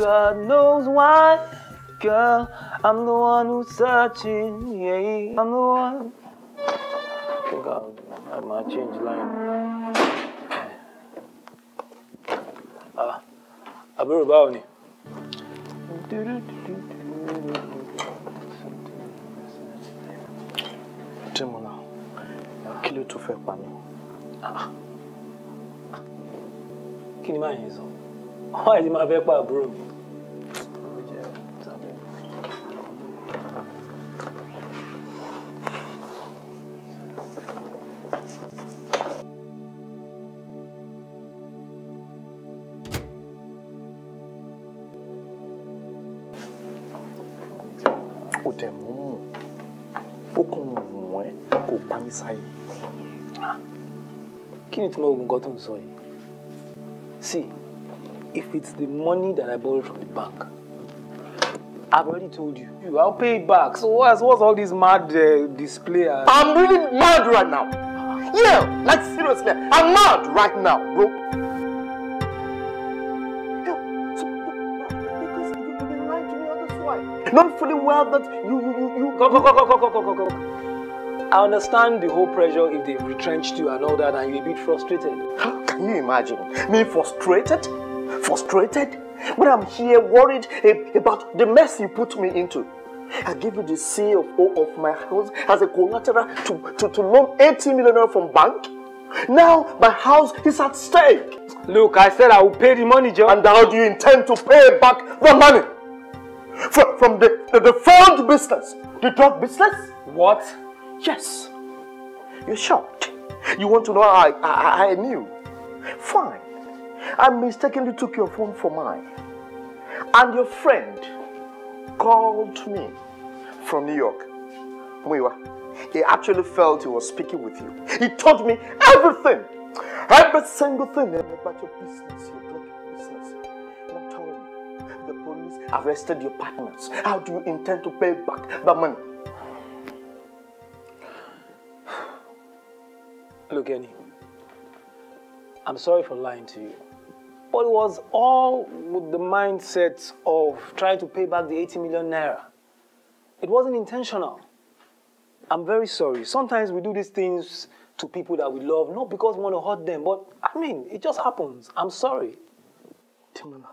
God knows why. Girl, I'm the one who's searching. Yeah, I'm the one. I think I'll, I might change line. Ah, àbúrò báwo ni? Tẹ́mọ̀lá, kí ló I'll kill you to fair pan. máa yẹn sọ? Wọ́n àìsí máa fẹ́ pa àbúrò mi. sáyé you ni ìtumọ̀ ogun kan tó sọ see if it's the money that I borrowed from the bank I've already told you you I'll pay it back so what's, what's all this mad uh, display. I'm really mad right now yeah like seriously I'm mad right now bro. Not fully well that you you you you go go go go go go go go. I understand the whole pressure if they've retrenched you and all that and you're a bit frustrated. Can you imagine? Me frustrated? Frustrated? When I'm here worried about the mess you put me into. I gave you the CFO of my house as a collateral to, to, to loan 80 million from bank. Now my house is at stake. Look, I said I will pay the money, Joe. And how do you intend to pay back the money? From, from the, the, the business, the drug business? What? Yes. You're shocked. You want to know how I, I, I knew. Fine. I mistakenly took your phone for mine. And your friend called me from New York. Muiwa, he actually felt he was speaking with you. He told me everything. Every single thing about your business, your drug business. Now tell me, the police arrested your partners. How do you intend to pay back the money? Look, Annie, I'm sorry for lying to you. But it was all with the mindset of trying to pay back the 80 million naira. It wasn't intentional. I'm very sorry. Sometimes we do these things to people that we love, not because we want to hurt them, but I mean, it just happens. I'm sorry. Timona,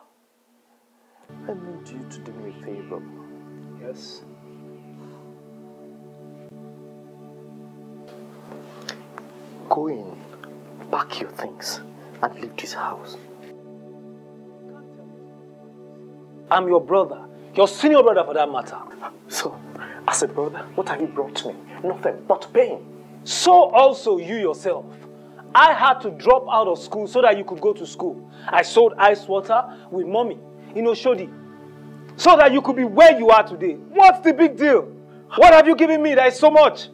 I need you to do me a favor. Yes? Go in, pack your things, and leave this house. I'm your brother, your senior brother for that matter. So, as a brother, what have you brought me? Nothing but pain. So also you yourself. I had to drop out of school so that you could go to school. I sold ice water with mommy in Oshodi so that you could be where you are today. What's the big deal? What have you given me that is so much?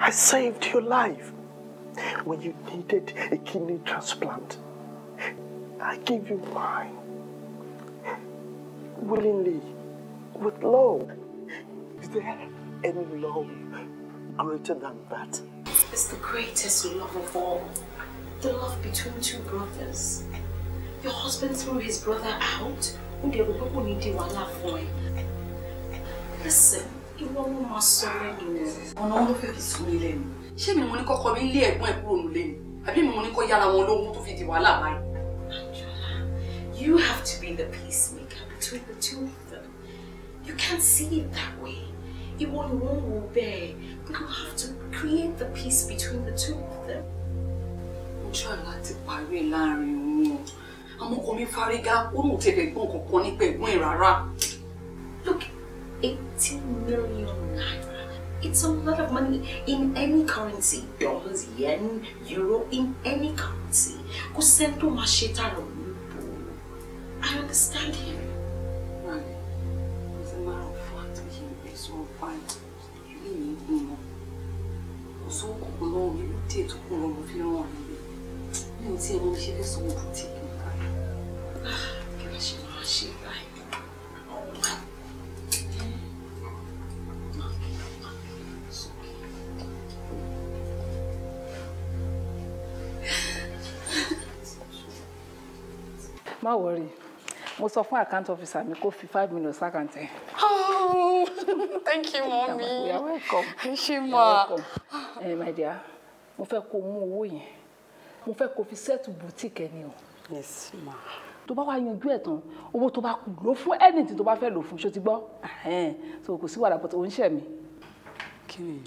I saved your life. When you needed a kidney transplant, I gave you mine. Willingly, with love. Is there any love greater than that? It's the greatest love of all. The love between two brothers. Your husband threw his brother out. Listen, you want more sorrow in On all of you willing ṣé mi mo ní kọ́kọ́ mi lé ẹ̀gbọ́n ẹ̀ kúrò nílé ni koko mi le ni abi mi mo ní kó yára wọn lóhun tó fi di wàhálà báyìí. You have to be the peacemaker between the two of them. You can't see it that way. won't, won't bẹ́ẹ̀, but you have to create the peace between the two of them. Mo jọ parí láàrin wọn. Àwọn ọkọ mi fárígá, ó lóun tẹ̀lé ẹ̀gbọ́n kankan nípa ẹ̀gbọ́n ẹ̀ rárá. Look, eighteen million naira. It's a lot of money in any currency. Dollars, yen, euro, in any currency. Kusento masheta I understand him. Mommy, as a matter of fact, he is so fine. You need him So, long, to if you don't so we take him. má wọrí mo sọ fún account officer mi kó fi five minutes. sákàǹtẹ. oh thank you mommy you are welcome ṣe mọ. ẹ eh, my dear mo fẹ́ kó mú owó yẹn mo fẹ́ kó fi set boutique ẹni o. yes ma. tó bá wá yanjú ẹ̀ tán owó tó bá kù lò fún anything tó bá fẹ́ lò fún ṣó ti gbọ́ so kò sí wàhálà pọ̀tò oníṣẹ́ mi. kí ni.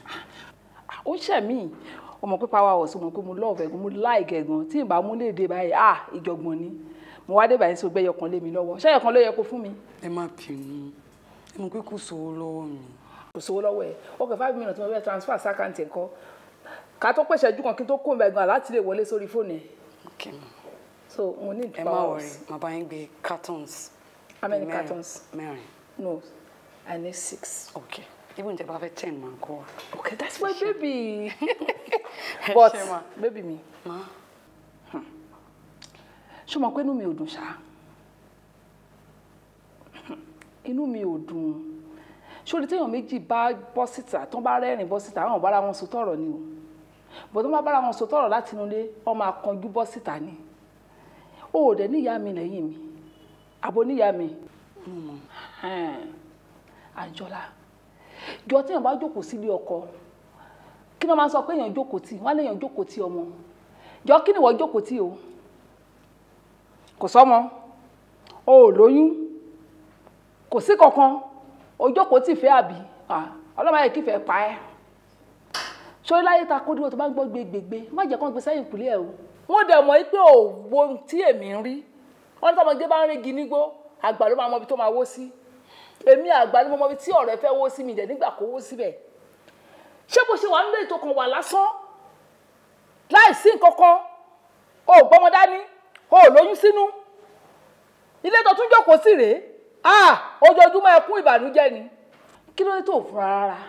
oníṣẹ́ mi ọmọ pípa wa wọ̀ sí mo pé mo lọ́ọ̀fẹ́ gan mo láì gẹ̀ gan tí ìbámu lè dé báyìí ah ìjọ̀gbọ̀n ni mo wá dé báyìí sí ọgbẹ́ yọkan lé mi lọ́wọ́ ṣé yọkan ló yẹ kó fún mi. ẹ má bínú ẹ mọ̀ pé kò sówó lọ́wọ́ mi. kò sówó lọ́wọ́ ẹ ok five minutes tí mo fẹ́ transfer sákàǹtì ẹ̀kọ́ ká tó pèsè ẹjú kan kí n tó kó mi gan láti lè wọlé sórí fóònù ẹ. ok so mo need powers. ẹ má wọrí màbá yín gbé cartons. how many cartons. mẹ́rin. no i need six. okay even if I have ten, man, go. Okay, that's my baby. but baby me. Ma ṣó mọ̀ pé inú mi ò dùn ṣá inú mi ò dùn ṣórí téèyàn méjì bá bọ́ síta tó bá rẹ́rìn bọ́ síta àwọn bára wọn sọ tọ̀rọ̀ ni o bọ́ tó bá bára wọn sọ tọ̀rọ̀ láti inú ilé wọ́n máa kanjú bọ́ síta ni o ò dẹ̀ níyà mi lẹ́yìn mi àbò níyà mi àjọlá jọ téèyàn bá jókòó sílé ọkọ kí ni wọ́n máa sọ pé èèyàn jókòó tì wọ́n á léèyàn jókòó tì ọmọ jọ kí ni wọ́n jókòó tì o kò sọ́mọ o ò lóyún kò sí kankan ojókòó tì fẹ́ àbí ọlọ́mọ ayé kìfẹ́ pa ẹ́ sórí láyé ta kó dúró tó bá ń gbọ́ gbégbégbé má jẹ́ kán gbé sẹ́yìn ìpìlẹ̀ ẹ̀ o. wọ́n dẹ̀ mọ̀ pé òwò tí èmi ń rí wọ́n ní tọ́mọdé bá ń régi nígbó àgbà ló máa mọ ibi tó máa wó sí èmi àgbà ló mọ ibi tí ọ̀rẹ́ fẹ́ wó sí mi dẹ̀ nígbà kó wó síbẹ̀ ṣé bó ṣe wà nílé ètò kan wà lásán láì sí nǹkan kan ò gbọ́mọ o lóyún sínú ilé tó tún jókòó sí rèé ah, ojoojúmọ́ ẹkún ìbànújẹ́ ni kí ló dé tó fura rárá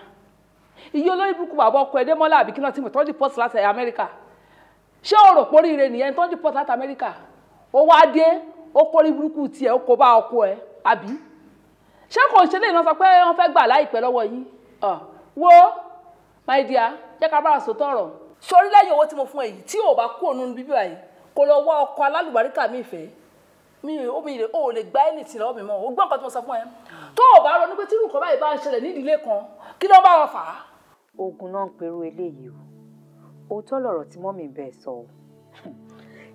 iye olórí burúkú bàbá ọkọ ẹdẹ mọ́lá àbí kí náà ti mọ̀ tó ń di port láti amẹ́ríkà ṣé o rò pórí ire nìyẹn tó ń di port láti amẹ́ríkà ó wá dé ó kórí burúkú tiẹ̀ ó kó bá ọkọ ẹ àbí ṣé kò ṣe lè náà sọ pé wọ́n fẹ́ gbà láìpẹ́ lọ́wọ́ yìí ah, wo my dear jẹ́ ká bára sòtọ̀ ọ̀rọ̀ sórí lẹ́yìn owó tí mo fún ẹ yìí tí ò bá kú òun bíbí báyìí kó lọ wá ọkọ alálùbáríkà mi ìfẹ́ mi ò mi ò lè gba ẹni tì lọ́wọ́ mi mọ́ o gbọ́ nǹkan tí mo sọ fún ẹ tó o bá ronú pé tí nǹkan báyìí bá ń ṣẹlẹ̀ nídìílé kan kí ló bá wọn fà á. ogun náà ń perú eléyìí o òótọ́ lọ̀rọ̀ tí mọ́mì bẹ́ẹ̀ sọ o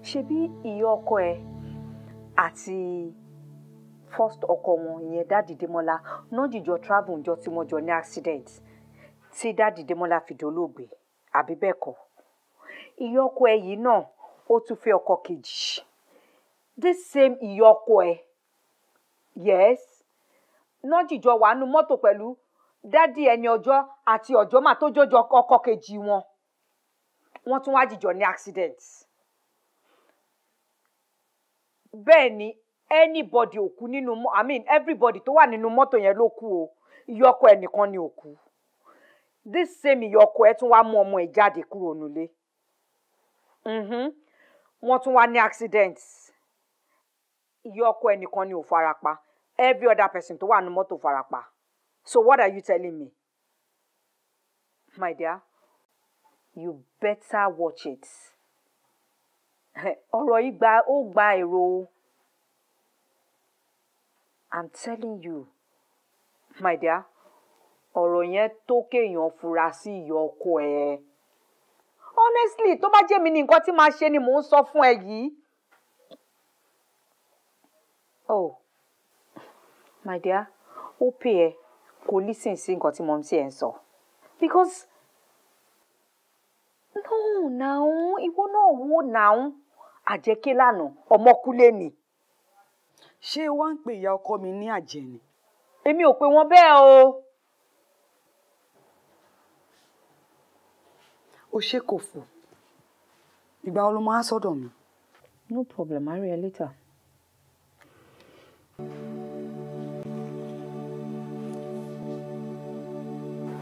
ṣebí ìyá ọkọ ẹ àti first ọkọ wọn ìyẹn dáàdì Démọ́lá náà jìjọ travel njọ tí wọ́n jọ ní accident tí dáàdì Démọ́lá fi dolóògbé àbí bẹ́ẹ̀ kọ́ ìyá ọkọ ẹ yìí náà ó tún fẹ́ ọkọ kejì this same ìyá ọkọ ẹ̀ yes nọ́jìjọ wàánu mọ́tò pẹ̀lú dádì ẹni ọjọ́ àti ọjọ́ mà tó jọjọ ọkọ kejì wọn wọ́n tún wá jìjọ ní accident bẹ́ẹ̀ ni anybody ò kú nínú i mean everybody tó wà nínú mọ́tò yẹn ló kú o ìyọkọ ẹ̀ nìkan ni ò kú this same ìyọkọ ẹ̀ tún wá mú ọmọ ẹ̀ jáde kúrò nílé. Mm-hmm wọ́n tún wá ní accident ìyá ọkọ ẹnìkan ni ò farapa every other person tó wà ní mọ́tò farapa so what are you telling me my dear you better watch it ọ̀rọ̀ yìí gba ó gba èrò o i'm telling you my dear ọ̀rọ̀ yẹn tó kéèyàn fura sí ìyá ọkọ ẹ̀. Eh honestly tó bá jẹ́ mi ní nǹkan tí màá ṣe ni mò ń sọ fún ẹ yìí. oh my dear ó pè ẹ kò lísìn sí nǹkan tí mo ti ẹ̀ ń sọ because no now ìwọ náà wò now àjẹké lánàá ọmọkúlé ni. ṣé wàá ń pè ìyá ọkọ mi ní àjẹ́ ni. èmi ò pè wọ́n bẹ́ẹ̀ o. o ṣe kò fò ìgbà sọ́dọ̀ mi. no problem I'll read later.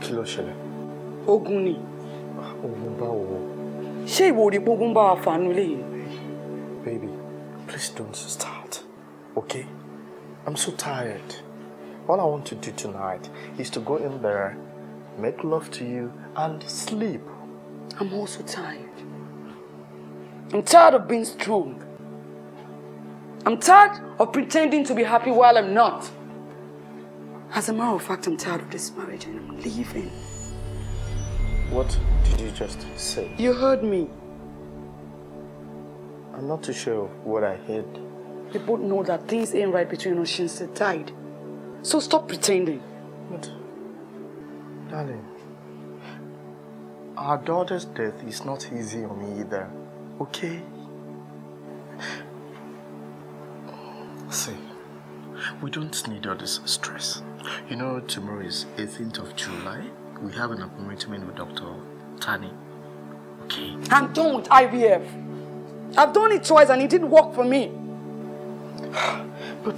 kí ló ṣẹlẹ̀. ogun ni. ogun báwo. ṣé ìwọ rí gbógun bá wa fàánú baby please don't start okay i'm so tired all i want to do tonight is to go in there make love to you and sleep. I'm also tired. I'm tired of being strong. I'm tired of pretending to be happy while I'm not. As a matter of fact, I'm tired of this marriage and I'm leaving. What did you just say? You heard me. I'm not too sure what I heard. People know that things ain't right between us since they died. So stop pretending. What, darling, our daughter's death is not easy on me either, okay? See, we don't need all this stress. You know, tomorrow is 18th of July. We have an appointment with Dr. Tani, okay? I'm done with IVF. I've done it twice and it didn't work for me. But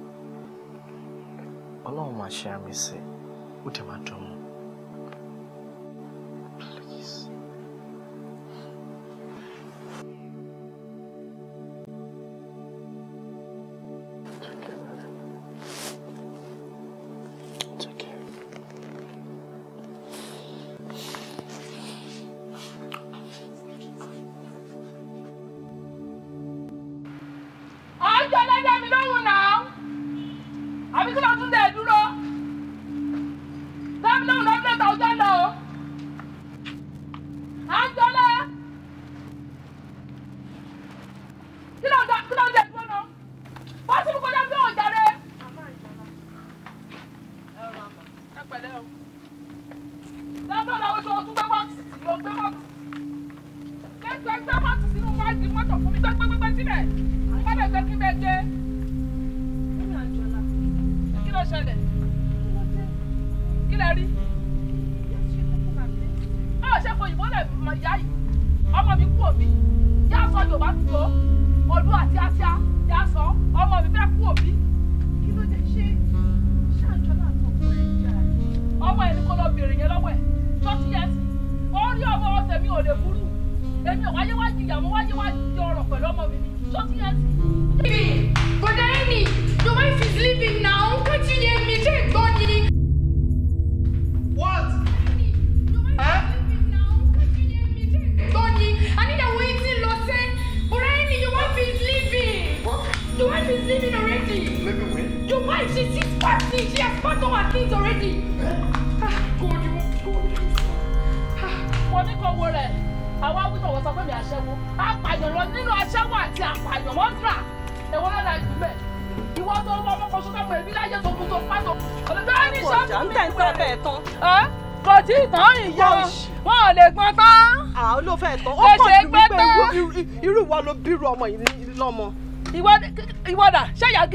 ọlọ́run máa ṣe àmì sí ó dẹ̀ máa dùn mí.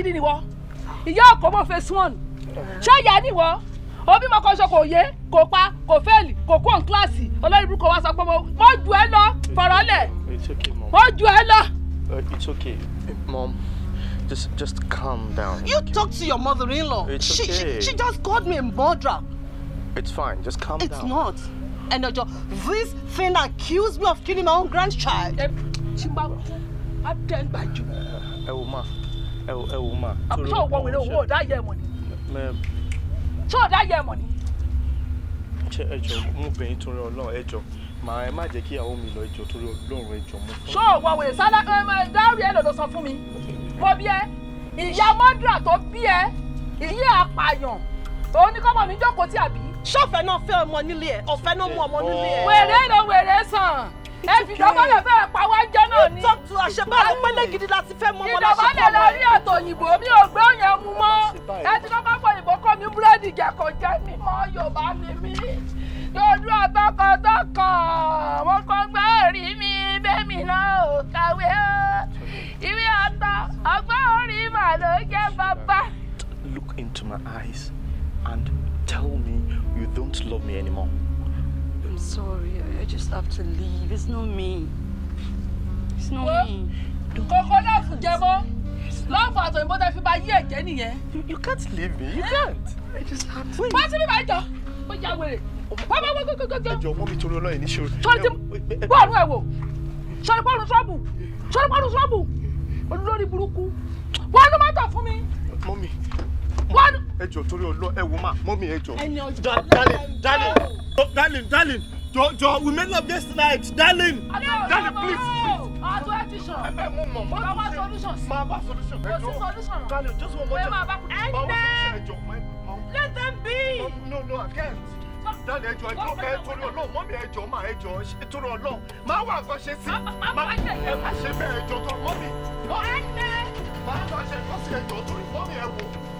gidi nìwọ ìyá ọkọ mọ phase one ṣé ìyá nìwọ òbí mọ kọṣọ kò yé kò pa kò fẹ́ẹ̀lì kò kó kíláàsì olórí burúkú wa sọ pé mo jù ẹ lọ fọ̀rọ̀ lẹ̀ mo jù ẹ lọ. Uh, it's okay, mom. Just, just calm down. You okay? talk to your mother-in-law. It's she, okay. She, she just called me in murderer. It's fine. Just calm it's down. It's not. And uh, this thing accused me of killing my own grandchild. Ẹ uh, wo ma ẹ ẹ wò ma. àbúṣe òwò wèrè òwò ọ̀dá yẹ ẹ̀mọ̀ ni. ṣé ọ̀dá yẹ ẹ̀mọ̀ ni. ṣé ẹ jọ mú bẹyìn torí Ọlọ́run ẹ jọ màá ẹ má jẹ́ kí ìyàwó mi lọ ẹ jọ torí Ọlọ́run ẹ jọ mú. ṣé òwò wèrè sálá dárí ẹ lòdò san fún mi mo bí ẹ ìyá mọ́dúrà tó bí ẹ ìyá apààyàn òun ní kọ́mọ mi jókòó tí àbí. ṣọ́ọ̀fẹ́ náà fẹ́ ọmọ nílé ẹ̀ ọ̀fẹ́ náà mú ọmọ nílé ẹ̀. wèrè ló wèrè sàn ẹ fi dọ́bọ̀lẹ̀ pa wá jẹ́ náà ni. talk to àṣebá ló pẹ́lẹ́ gidi láti fẹ́ mọ ọmọ láṣepọ̀ rẹ. ìdọ̀bọ̀lẹ̀ lọ rí òyìnbó mi ò gbé òyìn mu mọ́ ẹ ti kọ́kọ́ fọ òyìnbó kọ́ mi búrẹ́dì jẹ jẹ́ mi mọ́ Yorùbá ni mí. lójú ọ̀tọ̀kọ̀tọ̀kọ̀ wọn kọ́ gbọ́ orí mi bẹ́mi náà ò kàwé o ìwé ọ̀tọ̀ ọgbọ́n orí mà ló jẹ́ bàbá. Look into my eyes and tell me you don't love me anymore. I'm sorry. I just have to leave. It's not me. It's not well, me. Kọ́kọ́ together. Love Lọ́ọ̀fù àtọ̀yìnbó tẹ fi you yí ẹ̀jẹ̀ nìyẹn. You can't leave me. You can't. I just have to. What's the What? Wá síbí máa jọ. Ó ya wèrè. Wá wá wá gógógógó. Ẹjọ́ mú mi torí ọlọ́yìn ní ṣòro. Sọ̀rọ̀ ti bọ́ọ̀lù What? wò. Sọ̀rọ̀ bọ́ọ̀lù sọ́ọ̀bù. What? bọ́ọ̀lù sọ́ọ̀bù. Olórí burúkú. Wọ́n ló má tọ̀ fún mi. Mọ́mí, one. ẹ jọ̀ọ́ torí ọlọ ẹ wò má mọ́mí ẹ jọ̀ọ́. ẹni ọjọ́ darling darling oh, darling darling jọ jọ we made love yesterday darling darling please àtò ẹ ti sàn. ẹ bẹ mú mọ mọ bá solution. máa bá solution. kò sí darling, kálí just one more time. máa bá solution. let them be. no no i can't. darling, ẹjọ ẹjọ ẹ torí Ọlọ́run mọmi ẹjọ máa ẹjọ ṣe torí Ọlọ́run máa wà nǹkan ṣe sí. ẹ má ṣe bẹ́ẹ̀ ẹjọ tó mọmi. ẹ ń bẹ́ẹ̀. máa lọ ṣe nǹkan sí ẹjọ torí mọmi ẹ wò.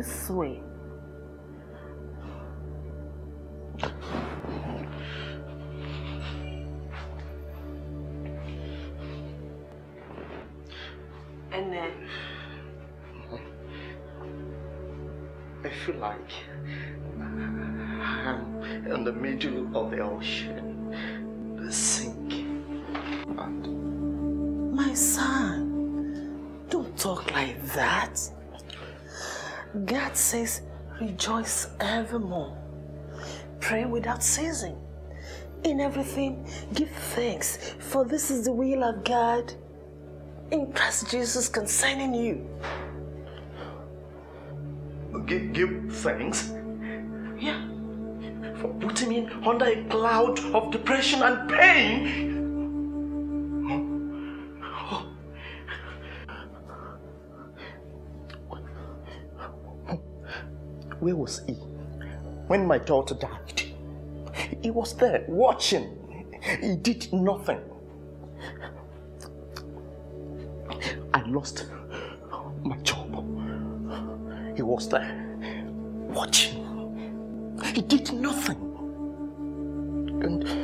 this way. And then... I feel like I'm in the middle of the ocean. God says, rejoice evermore. Pray without ceasing. In everything, give thanks, for this is the will of God in Christ Jesus concerning you. Give, give thanks? Yeah. For putting me under a cloud of depression and pain Where was he? When my daughter died, he was there watching. He did nothing. I lost my job. He was there watching. He did nothing. And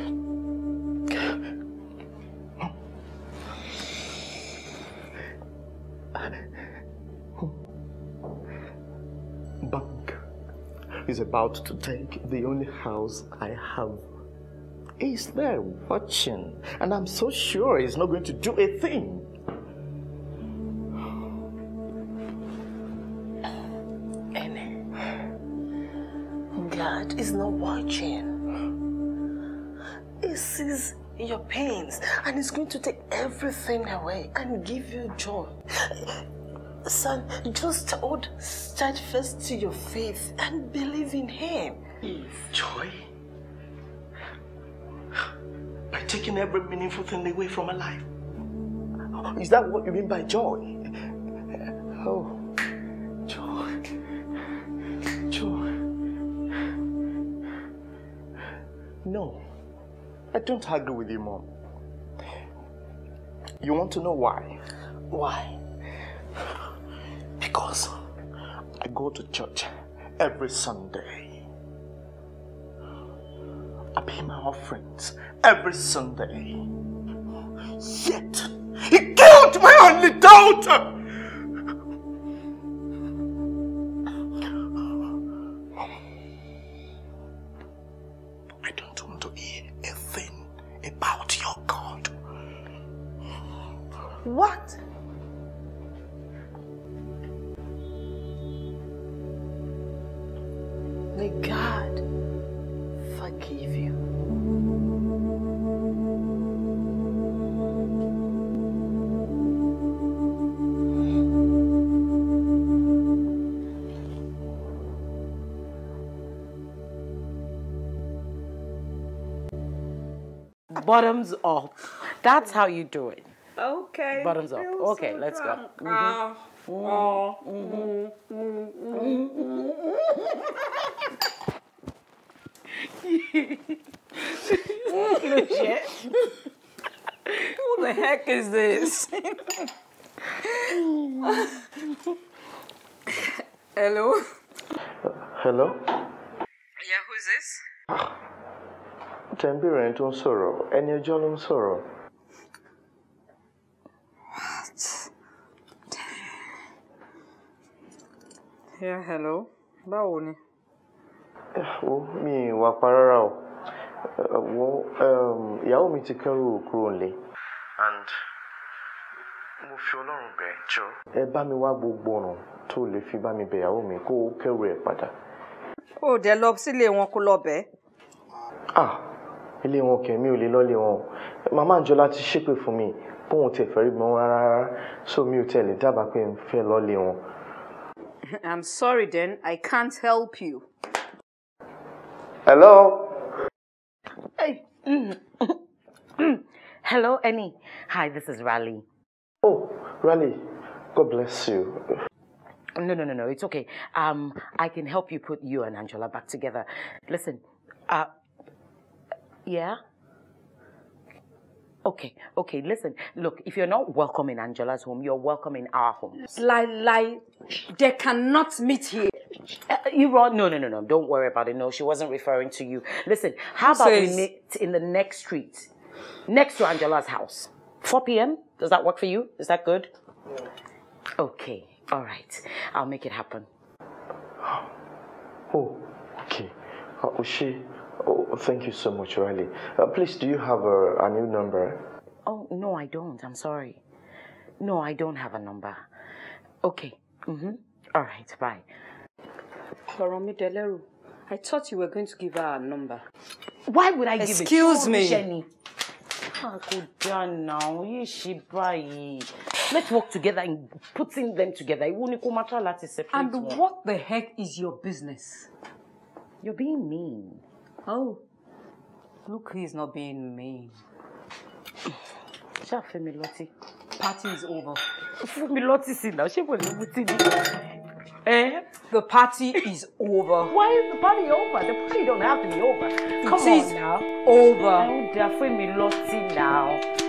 is about to take the only house I have. He's there watching, and I'm so sure he's not going to do a thing. Ene, God is not watching. He sees your pains, and he's going to take everything away and give you joy. Son, just hold steadfast to your faith and believe in him. Joy? By taking every meaningful thing away from my life. Oh, is that what you mean by joy? Oh, joy. Joy. No, I don't agree with you, Mom. You want to know why? Why? because I go to church every Sunday. I pay my offerings every Sunday. Yet, he killed my only daughter! bottoms up. That's how you do it. Okay. Bottoms up. Okay, let's go. Mm -hmm. Who the heck is this? Hello? Hello? tẹ́ḿbìrì tó ń sọ̀rọ̀ ẹni ọjọ́ ló ń sọ̀rọ̀. yeah hello báwo ni. ó mi wà pa rárá o um, ìyàwó mi ti kẹ́rù kúrò nílé. and mo fi ọlọ́run bẹ̀ jọ. ẹ bá mi wá gbogbo ọ̀nà tó lè fi bá mi bẹ̀ ìyàwó mi kó kẹ́rù ẹ̀ padà. ó dẹ̀ lọ sílé wọn kó lọ bẹ́ẹ̀. ah ilé wọn í mi ò lè lọ́lé wọn màmá ti tẹ̀ rárá so mi ò pé n fẹ́ lọ́lé wọn. I'm sorry then, I can't help you. Hello? Hey. Hello, Annie. Hi, this is Raleigh. Oh, Raleigh, God bless you. No, no, no, no, it's okay. Um, I can help you put you and Angela back together. Listen, uh, yeah? Okay, okay, listen. Look, if you're not welcome in Angela's home, you're welcome in our home. Lie, lie. They cannot meet here. Uh, uh you wrong. No, no, no, no. Don't worry about it. No, she wasn't referring to you. Listen, how Who about says? we meet in the next street, next to Angela's house? 4 p.m.? Does that work for you? Is that good? Yeah. Okay, all right. I'll make it happen. Oh, okay. Uh, oh, Oshie, oh, Oh, thank you so much, Riley. Uh, please, do you have a, a, new number? Oh, no, I don't. I'm sorry. No, I don't have a number. Okay. Mm-hmm. All right, bye. Koromi Deleru, I thought you were going to give her a number. Why would I Excuse give it? Excuse me. Jenny. Ah, now. Let's work together in putting them together. And what the heck is your business? You're being mean. Oh, look, he's not being mean. Femi Lottie, party is over. Femi Lottie, see now, she was Eh? The party is over. Why is the party over? The party don't have to be over. Come it on now. Over. Oh, dear, Lottie now.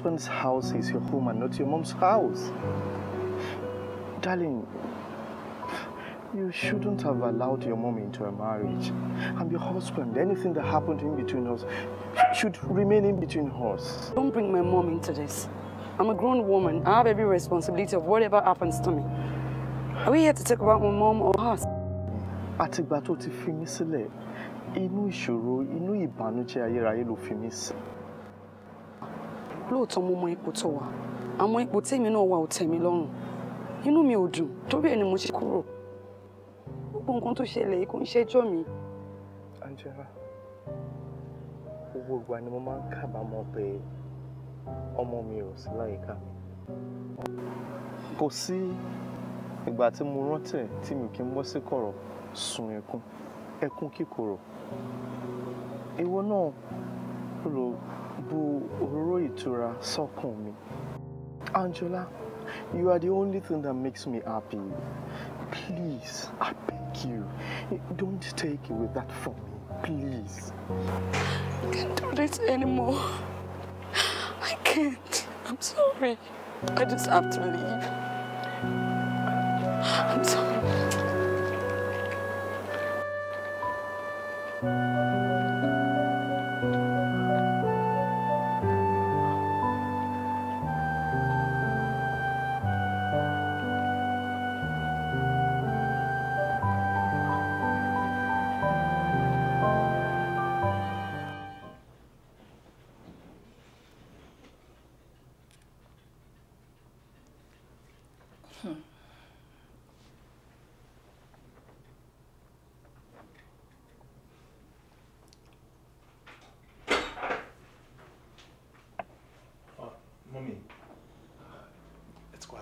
husband's house is your home and not your mom's house. Darling, you shouldn't have allowed your mom into a marriage. I'm your husband. Anything that happened in between us should remain in between us. Don't bring my mom into this. I'm a grown woman. I have every responsibility of whatever happens to me. Are we here to talk about my mom or us? Àtìgbà tó ti fi mí inú ìṣòro, inú ìbànújẹ́ ayérayé ló fi lóòótọ́ mo mọ ipò tó wà àmọ́ ipò tèmi náà wà ò tẹ̀mí lọ́rùn inú mi ò dùn torí ẹ̀ ni mo ṣe kúrò gbogbo nǹkan tó ṣẹlẹ̀ kò ń ṣẹjọ́ mi. Angela gbogbo ìgbà ni mo máa ń kábàámọ̀ pé ọmọ mi ò sí láyìíká mi kò sí ìgbà tí mo rántí tí mi kì í bọ́ sí kọ̀rọ̀ sun ẹkún ẹkún kíkorò ìwọ náà lọ bu òróró ìtura mi. Angela, you are the only thing that makes me happy. Please, I beg you, don't take away that from me, please. I can't do this anymore. I can't. I'm sorry. I just have to leave. I'm sorry.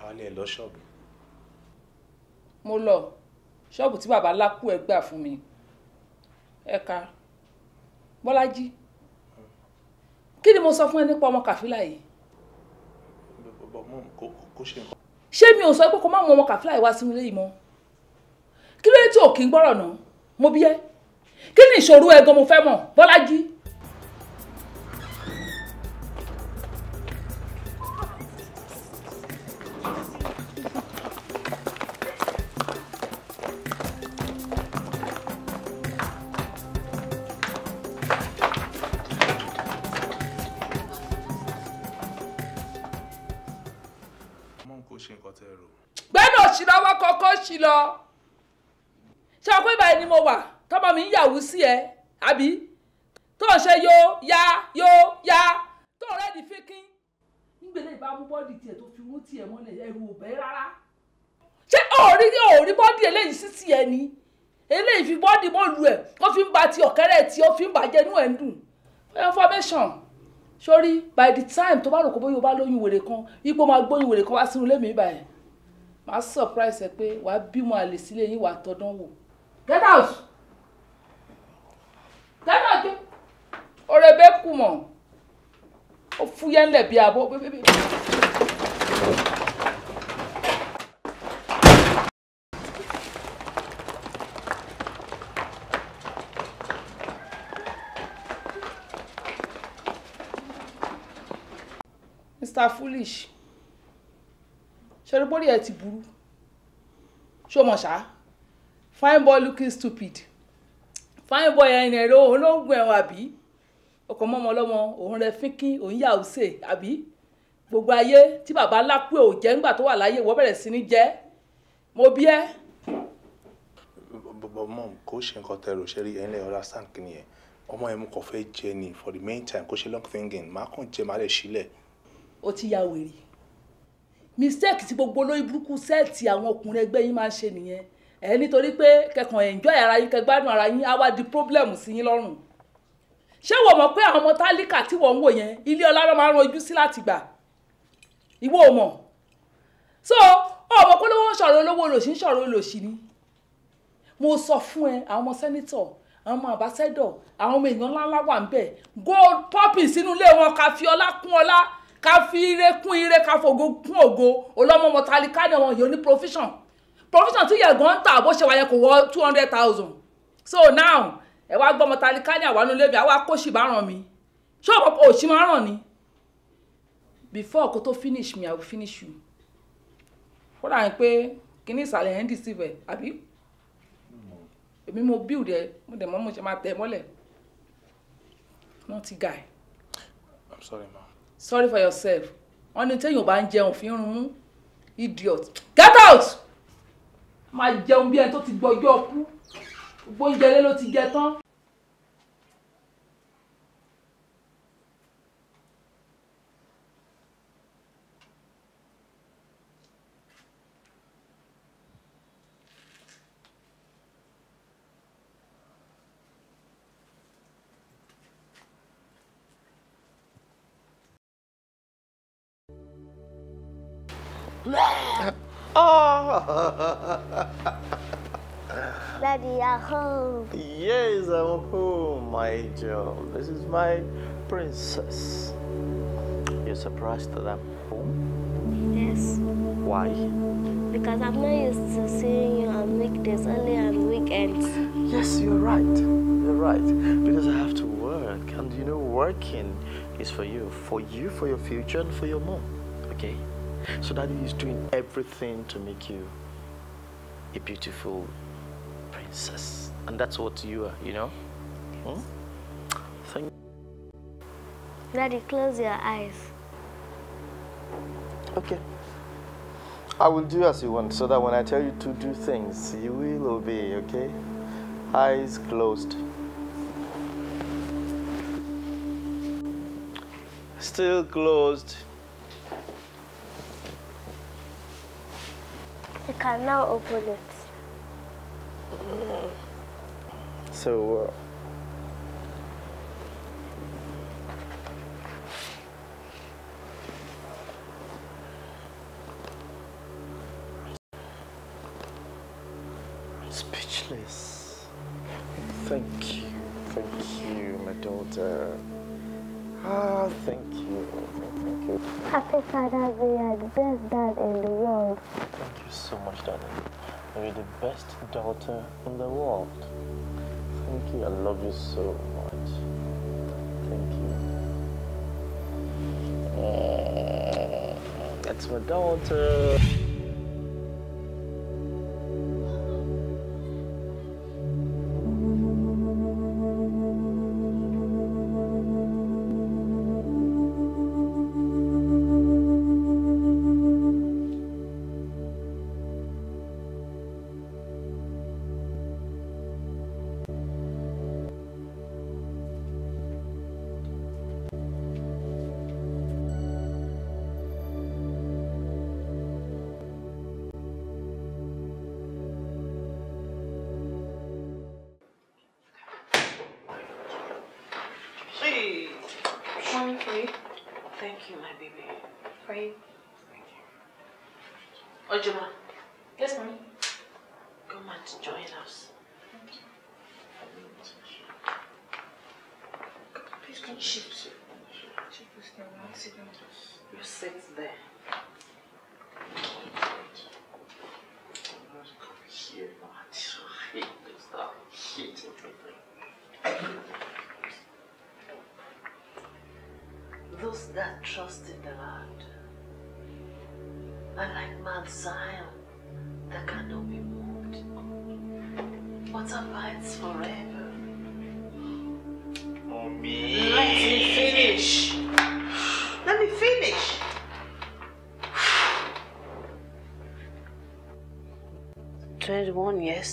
alẹ́ ẹ̀ lọ ṣọ́ọ̀bù. mo lọ ṣọ́ọ̀bù tí bàbá lákú ẹ gbà fún mi ẹ̀ka bọ́lájí kí ni mo sọ fún ẹ nípa ọmọ kàfílà yìí. kò ṣe nǹkan. ṣé mi ò sọ pé kó má mú ọmọ kàfílà yìí wá sínú ilé yìí mọ́ kí ló dé tí ò kí ń gbọ́rọ̀ náà mo bí ẹ kí ni ìṣòro ẹ gan mo fẹ́ mọ̀ bọ́lájí. sórí by the time tó bá rò kó bóyá o bá lóyún wèrè kan ipò máa gbóyún wèrè kan wá sínú ilé mi báyìí máa surprise ẹ pé wàá bímọ àlè sílé yín wàá tọdán wò get out get out ọ̀rẹ́ bẹ́ẹ̀ kù mọ́ ó fúyẹ́ ńlẹ̀ bí abọ́. Mr Foolish ṣeré bórí ẹ ti burú ṣó mọ̀ ṣá fine boy looking stupid fine boy ẹ̀yìn ẹ̀rọ òun ló ń gun ẹ̀wọ̀n àbí ọkọ̀ mọ́mọ ọlọ́mọ òun rẹ fínkín òun yà ó sè àbí gbogbo ayé tí baba ńlá kú ò jẹ́ ńgbà tó wà láyé wọ́n bẹ̀rẹ̀ sí ní jẹ́ mo bí ẹ́. bọ̀bọ̀ mom kò ṣe nǹkan tẹ̀rọ ṣe rí ẹ̀yin lẹ́yìn ọ̀la sank ọmọ ẹ̀ mú kàn jẹ ni for the main time kò ṣe long thinking máa kàn jẹ máa lè ṣílẹ̀ ó ti ya wèrè mistake tí gbogbo olóyìn burúkú sẹ́ẹ̀tì àwọn ọkùnrin ẹgbẹ́ yín máa ń ṣe nìyẹn ẹ nítorí pé kẹkàn enjoy ara yín kẹgbádùn ara yín á di problem sí yín lọ́rùn ṣé wò mọ̀ pé àwọn ọmọ tálíkà tí wọ́n ń wò yẹn ilé ọlọ́rọ̀ máa ń ranjú sí láti gbà ìwọ ò mọ̀ so ọmọ polówó ń sọ̀rọ̀ olówó olòṣì ń sọ̀rọ̀ olòṣì ni mo sọ fún ẹ àwọn ọmọ sẹ́nítọ̀ àwọn ọmọ àbáṣẹ́dọ̀ àwọn ọmọ èèyàn ńláńlá wà ń bẹ̀ gold poppy sínú ilé wọn kàfi kún ọlá ká fi ire kún ire ká fògo kún ògo olọ́mọ mọ̀tálíkà ni wọn yóò ní provision provision tí yẹ̀gàn ń tà bó ṣe wáyẹ kò wọ two hundred thousand so now ẹ wá gbọ́ mọ̀tálíkà ni àwọn olóbi àwa kó ṣì bá ràn mí ṣé ọ̀pọ̀ òṣì máa ràn ni before kó tó finish me i will finish you ó dà ní pé kíní ìsàlẹ̀ ẹ̀ ń deceive ẹ̀ àbí èmi mo build ẹ mo dẹ̀ mọ́ mo ṣe máa tẹ̀ mọ́lẹ̀ not guy. i'm sorry ma sorry for yourself wọ́n ní téèyàn bá ń jẹun fi ń run mú idiot get out máa jẹun bí ẹni tó ti gbọ́jọ́ kú gbóúnjẹ lé ló ti jẹ tán. home. Yes, I'm home, my angel. This is my princess. You're surprised that I'm home? Yes. Why? Because I'm not used to seeing you on weekdays, only on weekends. Yes, you're right. You're right. Because I have to work. And you know, working is for you. For you, for your future, and for your mom. Okay? So daddy is doing everything to make you a beautiful Jesus. And that's what you are, you know? Hmm? Thank you. Daddy, close your eyes. Okay. I will do as you want so that when I tell you to do things, you will obey, okay? Eyes closed. Still closed. You can now open it. So. Uh, speechless. Thank you. Thank you, my daughter. Ah, thank you. Thank you. Happy Father, we are the best dad in the world. Thank you so much, darling. You're the best daughter in the world. Thank you. I love you so much. Thank you. Uh, that's my daughter.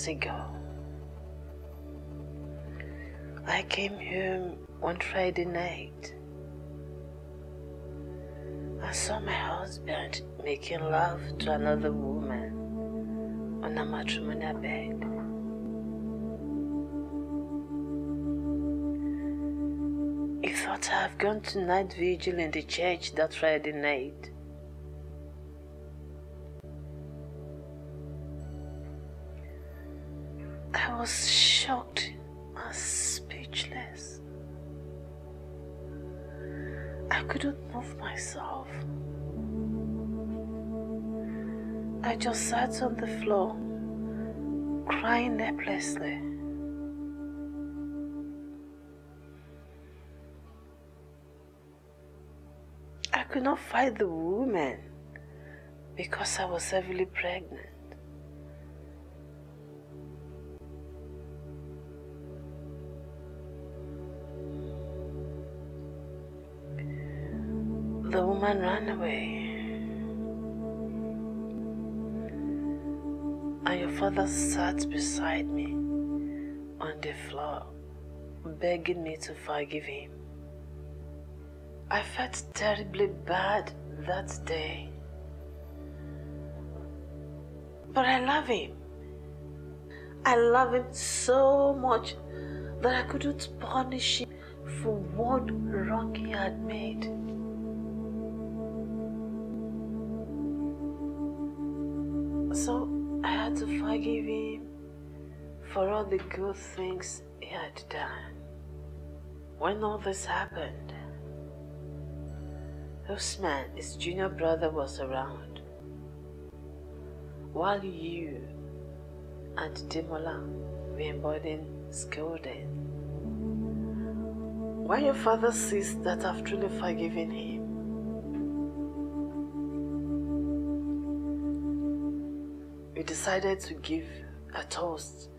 ago. I came home one Friday night. I saw my husband making love to another woman on a matrimonial bed. He thought I have gone to night vigil in the church that Friday night. just sat on the floor, crying helplessly. I could not fight the woman because I was heavily pregnant. The woman ran away. and your father sat beside me on the floor, begging me to forgive him. I felt terribly bad that day. But I love him. I love him so much that I couldn't punish him for what wrong he had made. So to forgive him for all the good things he had done. When all this happened, Usman, his junior brother, was around, while you and Demola were embodying scolding. When your father sees that I've truly forgiven him, decided to give a toast.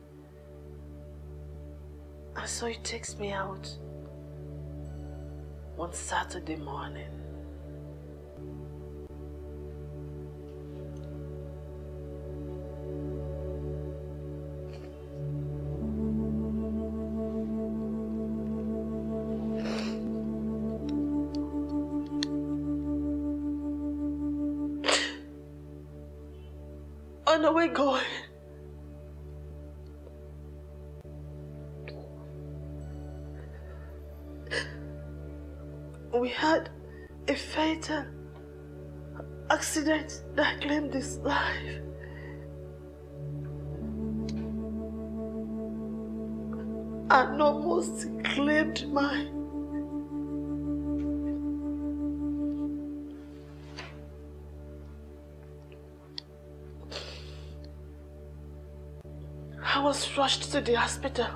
And so he takes me out one Saturday morning. my God. We had a fatal accident that claimed his life. And almost claimed mine. rushed to the hospital.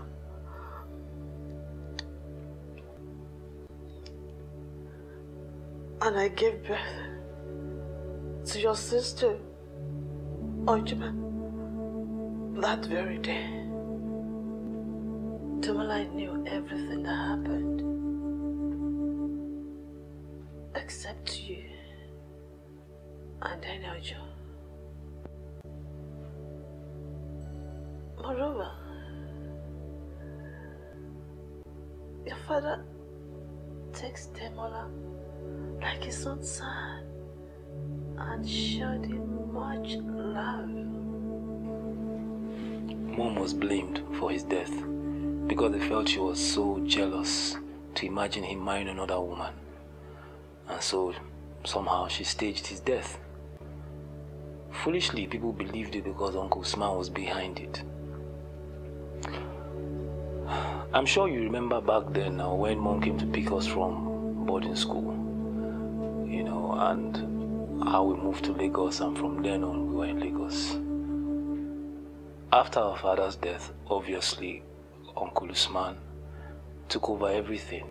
And I gave birth to your sister, Ojima, that very day. Tamalai knew everything that happened. his death because they felt she was so jealous to imagine him marrying another woman. And so somehow she staged his death. Foolishly, people believed it because Uncle Sman was behind it. I'm sure you remember back then uh, when mom came to pick us from boarding school, you know, and how we moved to Lagos, and from then on we were in Lagos. After our father's death, obviously, Uncle Usman took over everything,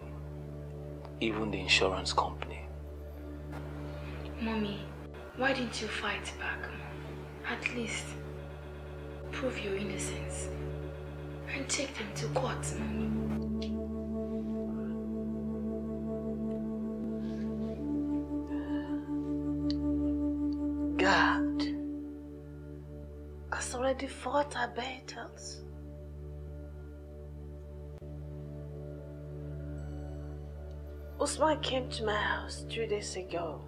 even the insurance company. Mommy, why didn't you fight back? At least prove your innocence and take them to court, Mommy. fought our battles. Usman came to my house two days ago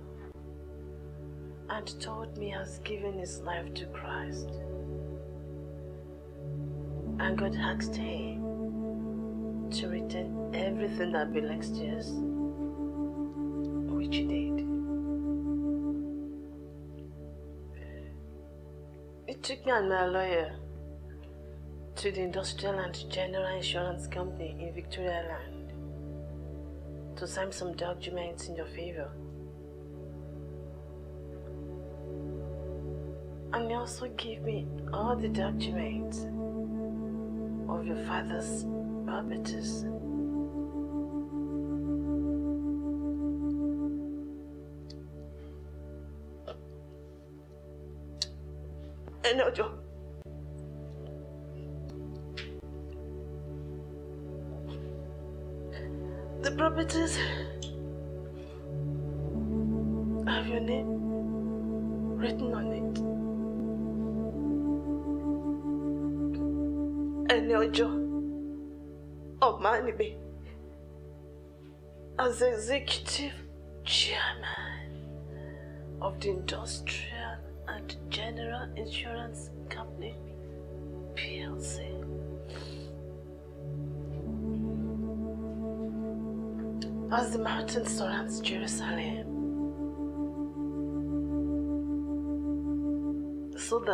and told me he has given his life to Christ. And God asked him to return everything that belongs to us, which he did. It took me and my lawyer to the Industrial and General Insurance Company in Victoria Land to sign some documents in your favor. And he also gave me all the documents of your father's properties.